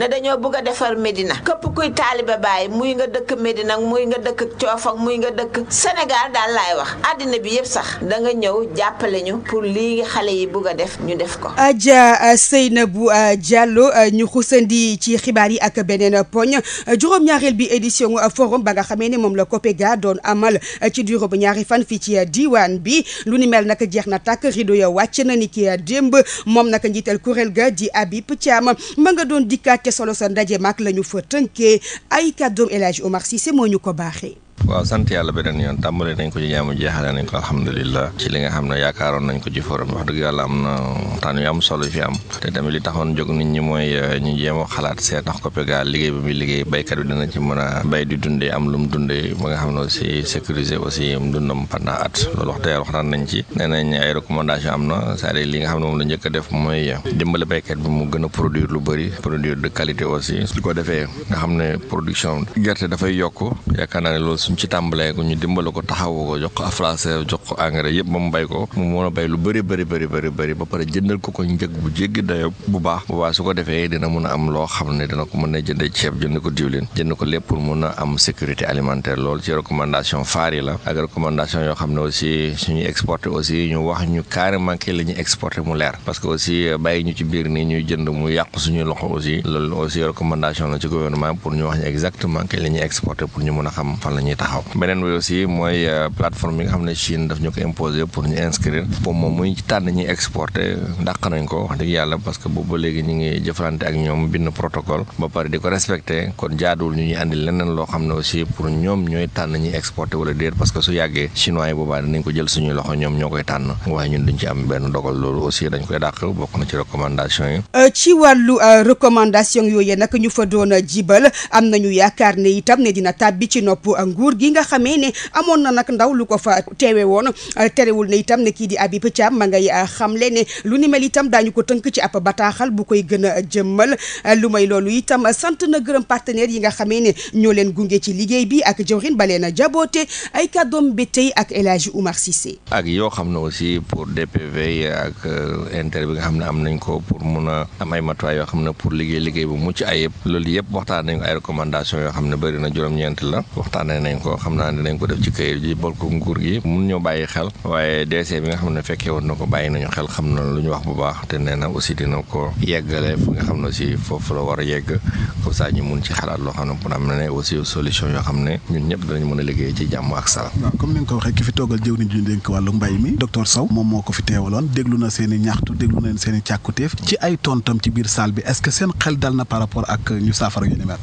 dañoo bëgg a defar Médina képp kuy taalibe Baay muy nga dëkk Médina muy nga dëkk Coofak muy nga dëkk Sénégal daal laay wax àddina bi yëpp sax da nga ñëw jàppale ñu pour lii xale yi bëgg a def ñu def ko. na euh, Seynabou euh, Diallo euh, ñu xusandi ci xibaar yi ak beneen poñ juróom-ñaareel bi édition forum ba nga xamee ne moom la COPEGA doon amal ci durée bu ñaari fan fii ci diwaan bi lu ni mel nag jeex na tàkk rido ya wàcc na ni ki démb moom nag njiital kuréel ga di Habib Thiam ma nga doon dikkaat solo sa ndaje mag la ñu fa tënkee ay kàddoom El Hadj Omar Cissé ñu ko baaxee. waaw sant yàlla beneen yoon tàmbale nañ ko ci jaamu jeexale nañ ko alhamdulilah ci li nga xam ne yaakaaroon nañ ko ci forum wax dëgg yàlla am na waxtaan yu am solo fi am te tamit li taxoon jóg nit ñi mooy euh, ñu jéem a xalaat seet ndax COPEGA liggéey bi muy liggéey béykat bi dina ci mën a béy di dundee am lu mu dundee ba nga xam ne aussi sécuriser aussi mu dundam pendant at loolu wax dëgg yàlla nañ ci nee nañ ay am na cest à li nga xam ne moom la jëkk def mooy dimbale béykat bi mu gën a produire lu bëri produire de qualité aussi su ko defee nga xam ne production gerte dafay yokk yaakaar naa ne loolu suñ ci tàmbalee ko ñu dimbale ko taxawu ko jox ko afrancais jox ko engrais yëpp ba mu bay ko mu mën a bay lu bëri bëri bëri bëri bëri ba pare jëndal ko ko njëg bu jéggi dayo bu baax bu baax su ko defee dina mun a am loo xam ne dina ko mën a jënde ceeb jënd ko diwlin jënd ko lépp pour mun a am sécurité alimentaire lool ci recommandation faar la ak recommandation yoo xam ne aussi suñu exporté aussi ñu wax ñu carrément kii la ñuy exporté mu leer parce que aussi bàyyi ñu ci biir nii ñuy jënd mu yàq suñu loxo aussi loolu aussi recommandation la ci pour ñu wax ñu exactement kii la ñuy exporté a xam fan la ñuy taxaw beneen bi aussi mooy euh, plateforme yi nga xam ne Chine daf ñu ko imposer pour ñu inscrire pour moom muy tànn ñuy exporter dàq nañ ko yàlla parce que boobu léegi ñu ngi jëflante ak ñoom bind protocole ba pare di ko respecté kon jaaduwul ñu ñuy andi leneen loo xam ne aussi pour ñoom ñooy tànn ñuy exporter wala déet parce que su yàggee chinois yi boobaa dinañ ko jël suñuy loxo ñoom ñoo koy tànn waaye ñun duñ ci am benn dogal loolu aussi dañ koy dàq bokk nguur gi nga xamee ne amoon na nag ndaw lu ko fa teewe woon euh, terewul ne tam ne kii di Habib Thiam ma ngay euh, xamle ne lu ni mel daa ñu ko tënk ci ab bataaxal bu koy gën a euh, jëmmal lu may loolu itam sant na gërëm partenaires yi nga xamee ne ñoo leen gunge ci liggéey bi ak jawrin ba leen a jaboote ay kàddoom ba tey ak El u Oumar Cissé. ak yoo xam ne aussi pour DPV ak inter bi nga xam ne am nañ ko pour mun a am ay matuwaay yoo xam ne pour liggéey liggéey bu mucc ayib loolu yëpp waxtaan nañ ko ay recommandations yoo xam ne bëri na juróom la ko xam naa dinañ ko def ci këyit ji bol ko nguur gi mun ñoo bàyyi xel waaye DG bi nga xam ne fekkee woon na ko bàyyi nañu xel xam na lu ñu wax bu baax te nee na aussi dina ko yeggale fu nga xam ne aussi foofu la war a yegg comme ça ñu mun ci xalaat loo xam ne pour am na ne aussi solution yoo xam ne ñun ñëpp dinañ mën a liggéey ci jàmm ak salaam waaw comme ni nga ko waxee ki fi toogal jëw ni ñu dénk wàllu mbay mi docteur Sow moom moo ko fi teewaloon déglu na seen i ñaxtu déglu na seen i ay tontam ci biir salle bi ce que seen xel dal na par rapport ak ñu saafara yu ni mel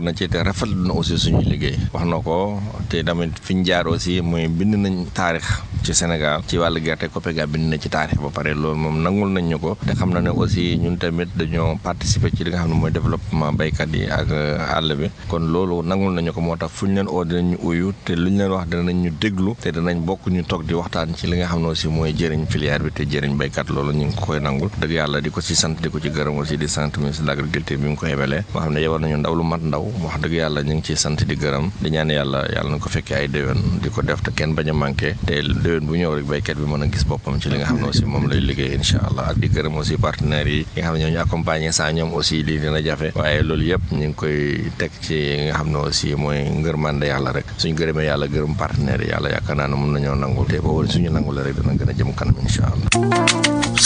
na ci te rafetlu na aussi liggéey na ko te tamit fi ñu jaar aussi mooy bind nañ taarix ci Sénégal ci wàll gerte COPEGA bind na ci taarix ba pare loolu moom nangul nañ ñu ko te xam na ne aussi ñun tamit dañoo participer ci li nga xam ne mooy développement baykat yi ak euh, àll bi kon loolu nangul nañu ko moo tax fu ñu leen oo dinañ ñu te lu ñu leen wax danañ ñu déglu te danañ bokk ñu toog di waxtaan ci li nga xam ne aussi mooy jëriñ filière bi te jëriñ baykat loolu ñu ngi ko koy nangul dëgg yàlla di ko ci sant di ko ci gërëm aussi di sant ministre de l'agriculture ko évalué moo xam ne yebal nañu ndaw lu mat ndaw wax dëgg yàlla ñu ngi ciy sant di gërëm ñaan yàlla yàlla na ko fekkee ay déwén di ko def te kenn bañ a manqué te déwén bu ñëw rek béykat bi mën a gis boppam ci li nga xam ne aussi moom lay liggéey incha allah ak di gërëm aussi partenaires yi nga xam ne ñoo ñu accompagner sans ñoom aussi lii dina jafe waaye loolu yëpp ñu ngi koy teg ci nga xam ne aussi mooy ngërmande yàlla rek suñu gërëmee yàlla gërëm partenaires yi yàlla yaakaar naa ne mën nañoo nangul te boobu suñu nangul rek dana gën a jëm kanam incha allah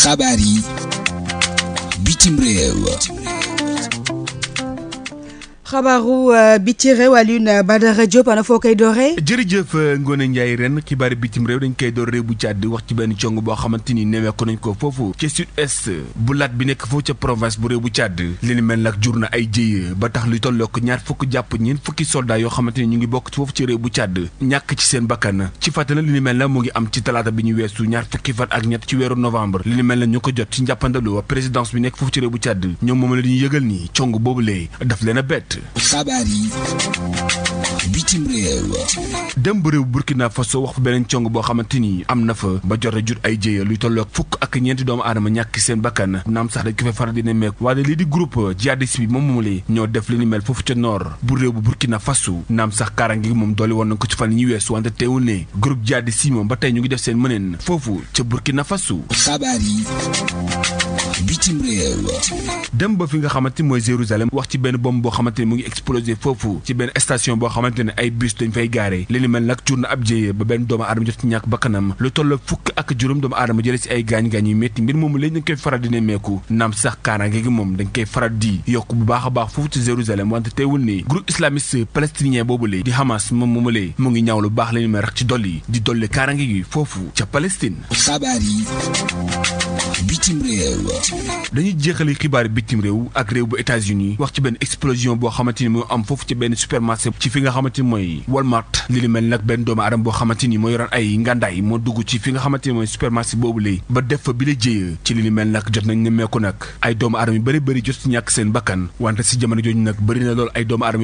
xabaar yi bitim réew xabaaru euh, biti réew Alioune Badara Diop ana foo koy dooree. jërëjëf euh, ngoone Ndiaye ren xibaar bitim réew dañ koy door réew bu Tchad di wax ci benn cong boo xamante ni nemmeeku nañ ko foofu ca sud est bu laat bi nekk foofu ca province bu réew bu càdd li ni mel ak jur na ay jéy ba tax luy tollook ñaar fukk jàpp ñeent fukki soldat yoo xamante ni ñu ngi bokk foofu ci réew bu Tchad ñàkk ci seen bakkan ci fàttali li ni mel la mu ngi am ci talaata bi ñu weesu ñaar fukki fan ak ñett ci li ni mel la ñu ko jot ci njàppandalu présidence bi nekk foofu ci réew bu Tchad ñoom moom la ñuy yëgal ni cong boobu lee daf leen a bett xabaar yi bitim réew dem ba réew Burkina Faso wax fa beneen cong boo xamante ni am na fa ba jot a jur ay jéeya luy tolloog fukk ak ñeenti doomu aadama ñàkk seen bakkan naam sax dañ ko fa faral di ne meek waaye lii di groupe jihadiste bi moom moom li ñoo def li ni mel foofu ca noor bu réew bu Burkina Faso naam sax kaaraange gi moom dolli woon na ko ci fan yi ñu weesu wante teewul ne groupe jihadiste yi moom ba tey ñu ngi def seen mëneen foofu ca Burkina Faso xabaar yi bitim réew dem ba fi nga xamante mooy Jérusalem wax ci benn bombe boo xamante ni mu ngi explosé foofu ci benn station boo xamante ne ay bus dañ fay gaare li ni mel nag jur na ab jéyee ba benn doomu aadama jot ci ñàkk bakkanam lu toll fukk ak juróom doomu aadama jële si ay gaañ-gaañ yu métti mbir moomu léegi dañ koy faral di nemmeeku naam sax kaaraange gi moom dañ koy faral di yokk bu baax a baax foofu ci Jérusalem wante teewul ni groupe islamiste palestinien boobu lee di Hamas moom moomu lee mu ngi ñaaw lu baax li ni mel rek ci dolli di dolli kaaraange gi foofu ca Palestine xabaar dañuy jeexale xibaar bitim réew ak réew bu états wax ci benn explosion boo xamante ni am foofu ci benn supermarché ci fi nga xamante mooy Walmart li mel nag benn doomu aadama boo xamante ni moo ay ngàndaay moo dugg ci fi nga xamante mooy supermarché boobu lay ba def fa bi la jéyee ci li mel nag jot nañ nemmeeku nag ay doomu aadama yu bëri bëri jot ci ñàkk seen bakkan wante si jamono jooju nag bëri lool ay doomu aadama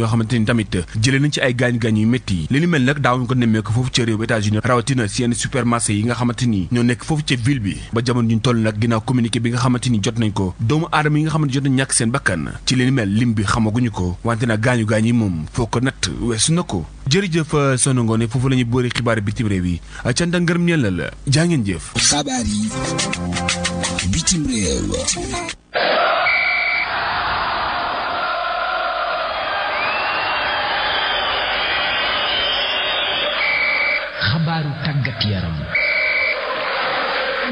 yi nga ko doomu aadama yi nga ne jot na ñàkk seen bakkan ci leen mel lim bi xamaguñu ko wante nag gaañu gaañ yi moom foo ko natt weesu na ko jërëjëf euh, Soxna Ngoone foofu la ñuy boori xibaar bitim réew yi cant ak ngërëm ñeel la jaa ngeen jëf. xabaar yi bitim réew.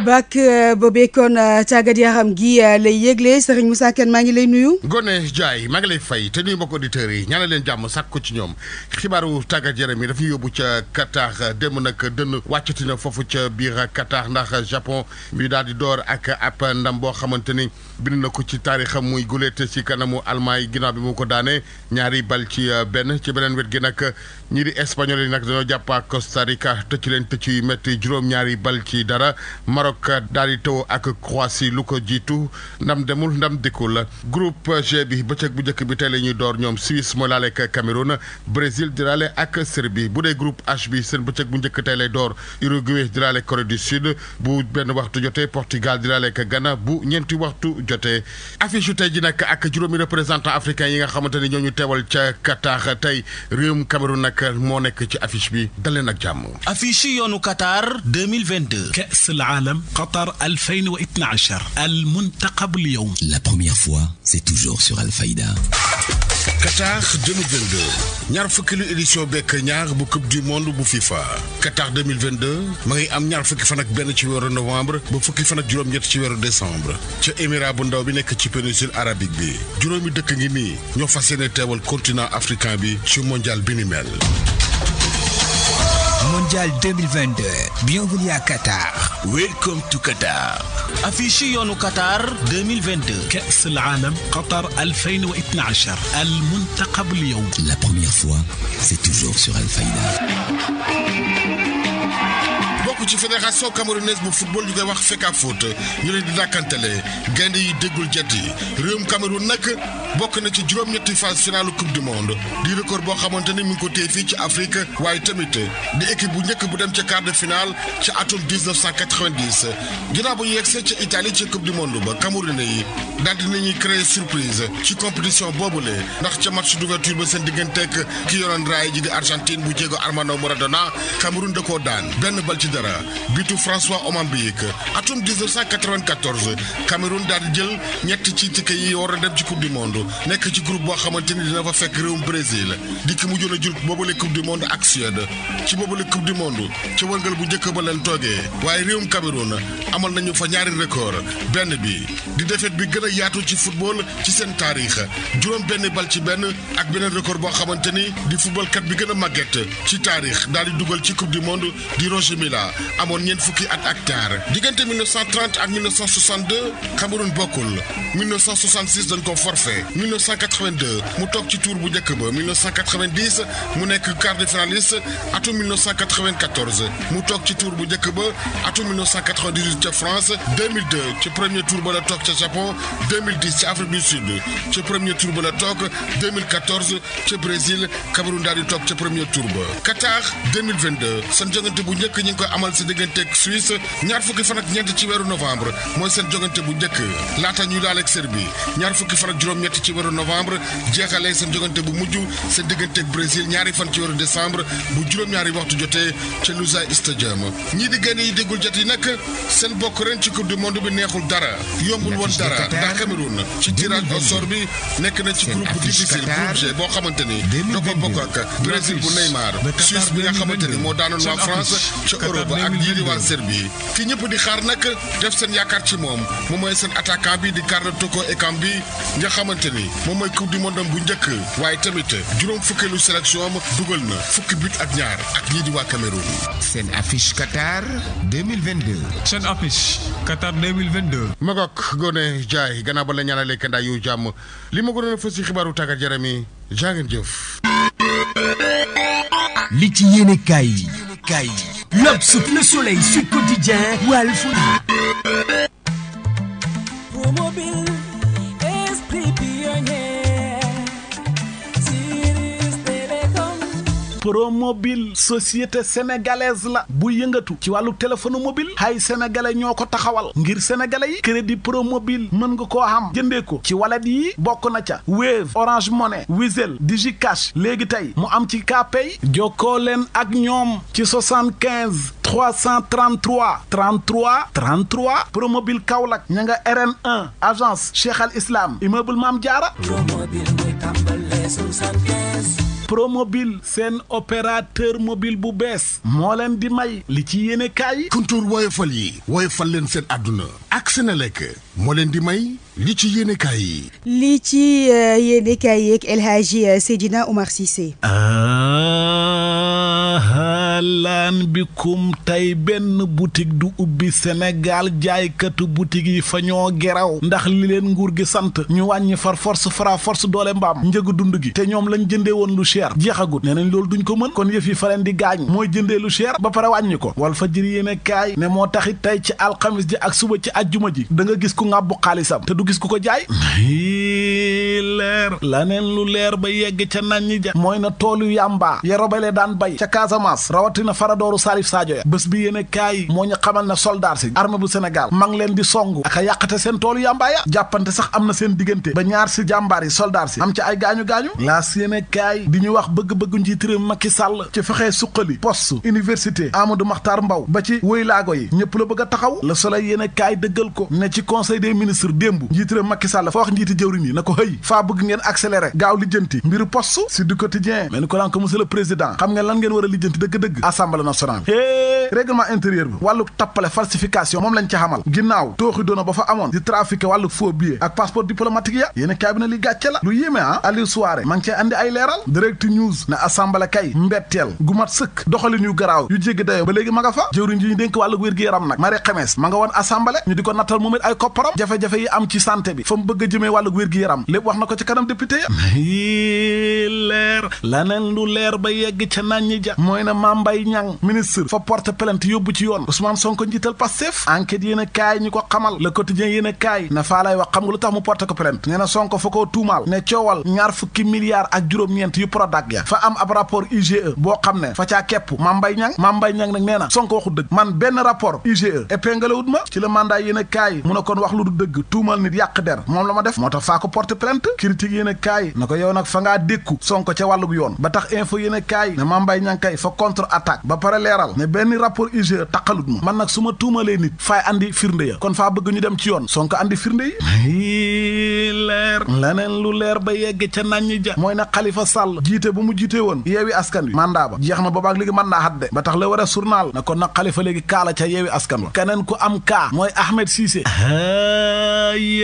bak euh, boobee kon euh, tàggat yaram gi euh, lay yëgle Serigne Moussa Kane maa ngi lay nuyu. gone Ndiaye maa ngi lay fay te nuyu mbokk auditeurs yi ñaanal leen jàmm ko ci ñoom xibaaru tàggat yaram yi dafa yóbbu ca Qatar dem nag dënn wàccatina foofu ca biir Qatar ndax Japon mi daal di door ak ab ndam boo xamante ni bind na ko ci taarixam muy guléet ci kanamu yi ginnaaw bi mu ko daanee ñaari bal ci benn ci beneen wet gi nag. ñu di espagnol yi nag dañoo jàpp ak Costa Rica tëcc leen tëcc yu métti juróom-ñaari bal ci dara Maroc daal di taw ak Croatie lu ko jiitu ndam demul ndam la groupe G bi bëccëg bu jëkk bi tey la ñuy door ñoom Suisse mooy laale ak Cameroun Brésil di laale ak Serbie bu dee groupe H bi seen bëccëg bu njëkk tey lay door Uruguay di laale Corée du Sud bu benn waxtu jotee Portugal di laale ak Ghana bu ñeenti waxtu jotee affiche yu tey ji nag ak juróomi représentant africain yi nga xamante ni ñoo ñu teewal ca Qatar tey réewum Cameroun nag rek moo nekk ci affiche bi daleen ak jàmm affiche yi yoonu Qatar 2022 كأس العالم قطر 2012 المنتخب اليوم La première fois, c'est toujours sur Al Faïda. Qatar 2022 ñaar fukkilu édition bekk ñaar bu coupe du monde bu FIFA Qatar 2022 ma ngi am ñaar fukki fan ak benn ci weeru novembre ba fukki fan ak juróom-ñett ci weeru décembre ca émirat bu ndaw bi nekk ci péninsule arabique bi juróomi dëkk ngi mii ñoo fas yéene teewal continent africain bi ci mondial bi ni mel mondial 2022 bienvenue à Qatar welcome to Qatar affiche yoonu Qatar 2022 كأس العالم قطر 2012 المنتخب اليوم la première Al Fayda ci fédération camerounaise bu football ñu koy wax FECAFOOT ñu leen di dàkkantale gaynde yi déggul jet yi réewum Cameroun nag bokk na ci juróom-ñetti phase finale coupe du monde di record boo xamante ni mu ngi ko téye fii ci Afrique waaye tamit di équipe bu njëkk bu dem ca quart de finale ci atum 1990 ginnaaw bu ñu yegsee ca Italie ci coupe du monde ba Cameroun yi daal dinañuy créer surprise ci compétition boobule ndax ca match d'ouverture ba seen digganteeg ki yoroon raay ji di Argentine bu jéego Armando Maradona Cameroun da koo daan benn bal ci dara bitu François Oman Biyik atum 1994 Cameroun daal di jël ñett ci ticket yi war dem ci coupe du monde nekk ci groupe boo xamante ni dina fa fekk réewum Brésil dikk mu jël a jur boobale coupe du monde ak Suède ci boobale coupe du monde ci wërngal bu njëkk ba leen toogee waaye réewum Cameroun amal nañu fa ñaari record benn bi di défaite bi gën a yaatu ci football ci seen taarix juróom benn bal ci benn ak beneen record boo xamante ni di football bi gën a màgget ci taarix daal di dugal ci coupe du monde di Roger amoon ñeent fukki at ak ñaar diggante 1930 ak 1962 Cameroun bokkul 1966 dañ ko forfait 1982 mu toog ci tour bu njëkk ba 1990 mu nekk quart de finaliste atum mu toog ci tour bu njëkk ba atum ca France 2002 premier tour ba la toog ca Japon 2010 Afrique du Sud ci premier tour ba la toog ca Brésil Cameroun daal di toog ca premier tour ba Qatar 2022 seen bu njëkk ñi ngi koy am amal si digganteeg Suisse ñaar fukki ñii di yi déggul jot yi nag seen bokk ren ci coupe du bi neexul dara yombul woon dara ndax Cameroun ci tirage au bi nekk na ci groupe difficile groupe G boo xamante ni da ko bokk ak Brésil bu Neymar Suisse bi nga xamante ni moo daanoon waa France ca Europe ba ak lii di waa Serbie ki ñëpp di xaar nag def seen yaakaar ci moom moom mooy seen attaquant bi di Karlo Toko Ekambi nga xamante ni moom mooy coupe du monde bu njëkk waaye tamit juróom fukkeelu sélection am dugal na fukki but ak ñaar ak lii di waa Cameroun. seen affiche Qatar 2022. seen affiche Qatar 2022. Magog Gone Jaay gannaaw ba la ñaanalee kandaa yu jàmm li ma gënoon a fës ci xibaaru tàggat yaram yi jaa ngeen jëf. li ci yéene kaay yi kaay yi L'Obs, Le Soleil, Sud Quotidien, Walf. promobile société sénégalaise la bu yëngatu ci wàllu téléphone mobile ay sénégalais ñoo ko taxawal ngir sénégalais yi crédit promobile mën nga koo am jëndee ko ci walet yi bokk na ca Wave Orange Money Wizall Digicash léegi tey mu am ci Kpay jokkoo leen ak ñoom ci 75 333 33 33 promobile Kaolack ña nga RN1 agence Cheikh Al Islam immeuble Mame Diarra promobile seen opérateur mobile bu bees moo leen di may li ci yéene kaay. kuntuur woyofal yi woyofal leen seen adduna ak Senelec moo leen di may li ci yéenekaay yi. li ci euh, yéenekaay yi ak El Hadji euh, Seydina Omar Cissé. lan bikum tey benn boutique du ubbi Sénégal jaaykatu boutique yi fa ñoo geraw ndax li leen nguur gi sant ñu wàññi far force fra force doole mbaam njëg dund gi te ñoom lañ jëndee woon lu cher jeexagut nee nañ loolu duñ ko mën kon yëf yi fa leen di gaañ mooy jëndee lu cher ba pare wàññi ko wal fa jëri yéene kaay ne moo taxit tey ci alxamis ji ak suba ci ajjuma ji da nga gis ku ngàbbu xaalisam du gis ku ko jaay leer laneen lu leer ba yegg ca nañ ñi ja mooy na toolu yàmbaa ya robale daan bay ca Casamance rawatina faradooru Salif Sadio ya bés bi yéen kaay moo ñu xamal ne soldaar si armée bu Sénégal ma leen di song ak a yàqate seen toolu yàmbaa ya jàppante sax am na seen diggante ba ñaar si jàmbaar yi soldaar si am ca ay gaañu-gaañu laas yéen kaay di ñu wax bëgg-bëgg njiit réew Macky Sall ci fexee suqali post université Amadou Makhtar mbaw ba ci wóy laago yi ñëpp la bëgg a taxaw Le Soleil yéen kaay dëggal ko ne ci conseil des ministres démb njiitira Macky Sall fa wax njiiti jëwriñ yi na ko hëy faa bëgg ngeen accéléré gaaw lijjanti mbiru poste si du quotidien mais ni ko daan ko monsieur xam ngeen lan ngeen war a lijjanti dëgg-dëgg assemblée nationale é règlement intérieur bi wàllu tappale falsification moom lañ ci xamal ginnaaw tooxi doona ba fa amoon di trafiqué wàllu faux billet ak passeport diplomatique ya yéen kaay bi gàcce la lu yéeme ah Aliou Souaré ma ngi cee ay santé bi fa mu bëgg a jëmee wàllu wér yaram lépp wax na ko ci kanam député ya leer laneen lu leer ba yegg ca naan ñi ja mooy na Mame Mbaye Niang ministre fa porte plainte yóbbu ci yoon Ousmane Sonko njiital Pastef enquête yéen a kaay ñu ko xamal le quotidien yéen a kaay na faa lay xam nga lu tax mu porte ko plainte nee na Sonko fa koo tuumaal ne coowal ñaar fukki milliards ak juróom-ñeent yu Prodac ya fa am ab rapport IGE boo xam ne fa caa kepp Mame Mbaye Niang Mame Mbaye Niang nag nee na dëgg man benn rapport IGE épinglé wut ma ci le mandat yéen kon wax lu dëgg tuumal nit yàq der moom la ma def moo tax faa ko porte plainte critique yéen a kaay na ko yow nag fa dékku sonko ca wàllug yoon ba tax info yéen a kaay ne Mame Mbaye fa contre attaque ba pare leeral ne benn rapport UG taqalut ma man nag su ma tuumalee nit faay andi firnde ya kon faa bëgg ñu dem ci yoon sonko andi firnde yi leer leneen lu leer ba yegg ca naññi ja mooy na Khalifa Sall jiite ba mu jiite woon yeewi askan wi mandat ba jeex na boobaak léegi mën naa xadde ba la war a journal na kon nag Khalifa léegi kaala ca yeewi askan wa keneen ku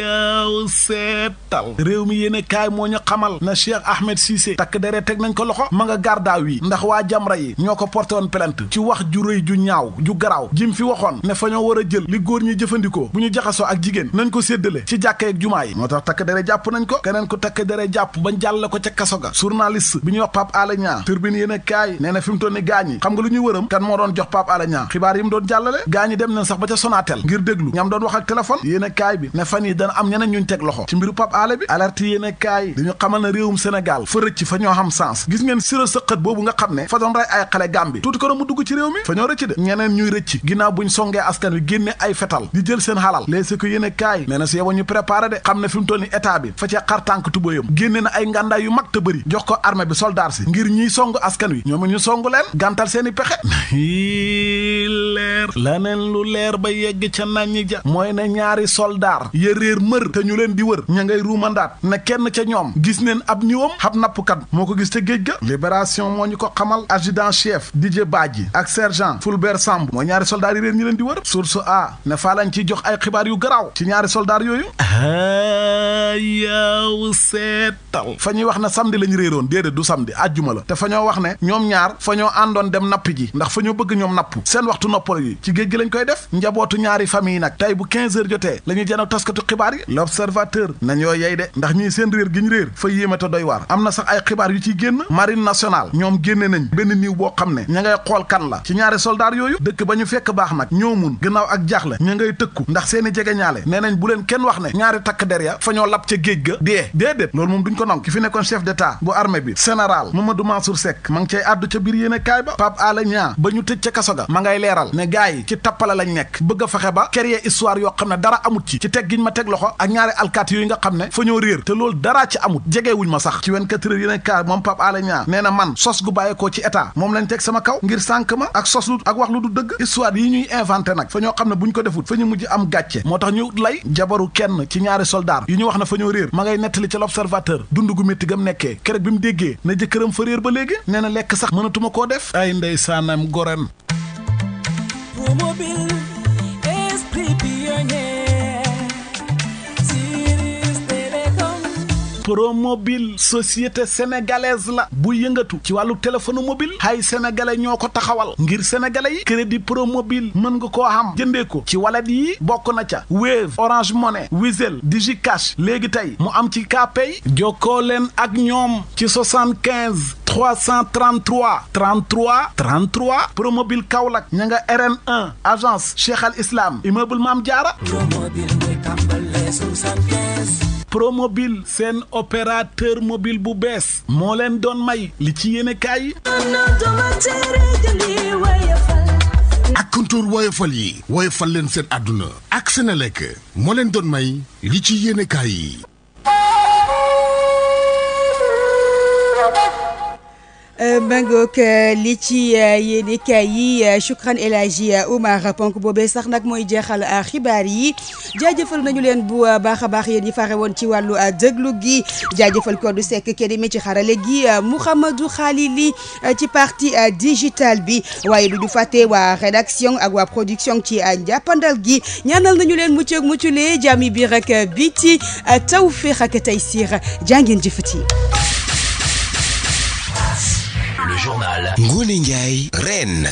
yaaw seetal réew mi yéen kaay moo ñu xamal na Cheikh Ahmed Cissé takk dere teg nañ ko loxo ma nga gardaaw yi ndax waa jamra yi ñoo ko porté woon plainte ci wax ju rëy ju ñaaw ju garaaw jim fi waxoon ne fa war a jël li góor ñi jëfandikoo bu ñu jaxasoo ak jigéen nañ ko séddale ci jàkka ak jumaa yi moo tax takk dere jàpp nañ ko keneen ko takk dere jàpp bañ jàll ko ca kaso ga journaliste bi ñuy wax Pape Alé Niang turbine yéen kaay nee na fi mu toll ni gaañ yi xam nga lu ñuy moo doon jox Pape Alé Niang xibaar yi mu doon jàllale gaañ yi dem nañ sax ba ca Sonatel dana am ñeneen ñuñ teg loxo ci mbiru Pape Alé bi alerte yéene kaay dañu xamal na réewum Sénégal fa rëcc fa ñoo xam sens gis ngeen sira sëqat boobu nga xam ne fa doon rey ay xale Gàmbi tuuti ko doon mu dugg ci réew mi fa ñoo rëcc de ñeneen ñuy rëcc ginnaaw buñ songee askan wi génne ay fetal di jël seen xalal léeg si ko yéene kaay nee na si ñu préparé de xam ne fi mu toll ni état bi fa cee xar tànk tubayam génne na ay ngàndaay yu mag te bëri jox ko armée bi soldaar si ngir ñiy song askan wi ñoom ñu song leen gàntal seeni pexe [laughs] leer laneen lu leer ba yegg ca nañ ñi mooy ne ñaari soldaar réer mër te ñu leen di wër ña ngay ruumandaat na kenn ca ñoom gis neen ab ñëwam napp kat moo ko gis ca géej ga libération moo ñu ko xamal adjudant chef Didier Badji ak sergent Fulbert Samb mooy ñaari soldaar yi réer ñi leen di wër source a ne faa lañ ciy jox ay xibaar yu garaaw ci ñaari soldaar yooyu yow seetal fa ñuy wax ne samedi lañ réeroon déedéet du samedi àjjuma la te fa ñoo wax ne ñoom ñaar fa ñoo àndoon dem napp ji ndax fa ñoo bëgg ñoom napp seen waxtu noppal yi ci géej gi lañ koy def njabootu ñaari famille nag tey bu 15 heures jotee xibaar yi l'observateur nañoo yey de ndax ñuy seen réer gi ñu réer fa yéemata doy waar am na sax ay xibaar yu ciy génn marine nationale ñoom génne nañ benn niiw boo xam ne ña ngay xool kan la ci ñaari soldaar yooyu dëkk ba ñu fekk baax nag ñoo mun gannaaw ak jaaxle ña ngay tëkku ndax seeni jege ñaale ne nañ bu leen kenn wax ne ñaari takk der ya fa ñoo lab ca géej ga dee déedéet loolu moom duñ ko nangu ki fi nekkoon chef d'état bu armée bi général Mamadou ma ngi cay àddu ca biir ma ngay leeral ne gaay yi ci lañ nekk bëgg a ba créer histoire yoo xam ne dara amut ci loxo ak ñaari alkaati yooyu nga xam ne fa ñoo réer te loolu daraa ci amut jegewuñ ma sax ci 24 heures yeneen kaar moom Pape Alé Niang nee na man sos gu bàyyeekoo ci état moom lañ teg sama kaw ngir sànk ma ak sos lu ak wax lu du dëgg histoire yi ñuy inventé nag fa ñoo xam ne buñ ko defut fa ñu mujj am gàcce moo tax ñu lay jabaru kenn ci ñaari soldaar yi ñu wax ne fa ñoo réer ma ngay nettali ca l'observateur dund gu métti gam nekkee keroog bi mu déggee na jëkkëram fa ba léegi nee na lekk sax mënatuma koo def ay ndey saanam goren promobile société sénégalaise la bu yëngatu ci wàllu téléphone mobile ay sénégalais ñoo ko taxawal ngir sénégalais yi crédit promobile mën nga koo am jëndee ko ci walet yi bokk na ca Wave Orange Money Wizall DigiCash léegi tey mu am ci Kpay jokkoo leen ak ñoom ci 75 333 33 33 promobile Kaolack ña nga RN1 agence Cheikh Al Islam immeuble Maam Jaara promobile seen opérateur mobile bu bees moo leen doon may li ci yéene kaay ak kontoor woyofal yi woyofal leen seen àdduna ak seen lekk moo leen doon may li ci yéene kaay yi Euh, mangook li ci euh, yéeni kaay yi Choukran euh, El Hadji Oumar ponk boobee sax nag mooy jeexal xibaar yi jaajëfal nañu leen bu baax a baax yéen ñi fare woon ci wàllu déglu gi jaajëfal Codou Seck kenn mi ci xarale gi Mouhamadou Khalili ci parti digital bi waaye du ñu fàtte waa rédaction ak waa production ci njàppandal gi ñaanal nañu leen mucc ak mucculee jàmmi biir ak biti tawféex ak taysiir jaa ngeen jëfati journal Ngoné Ndiaye Reine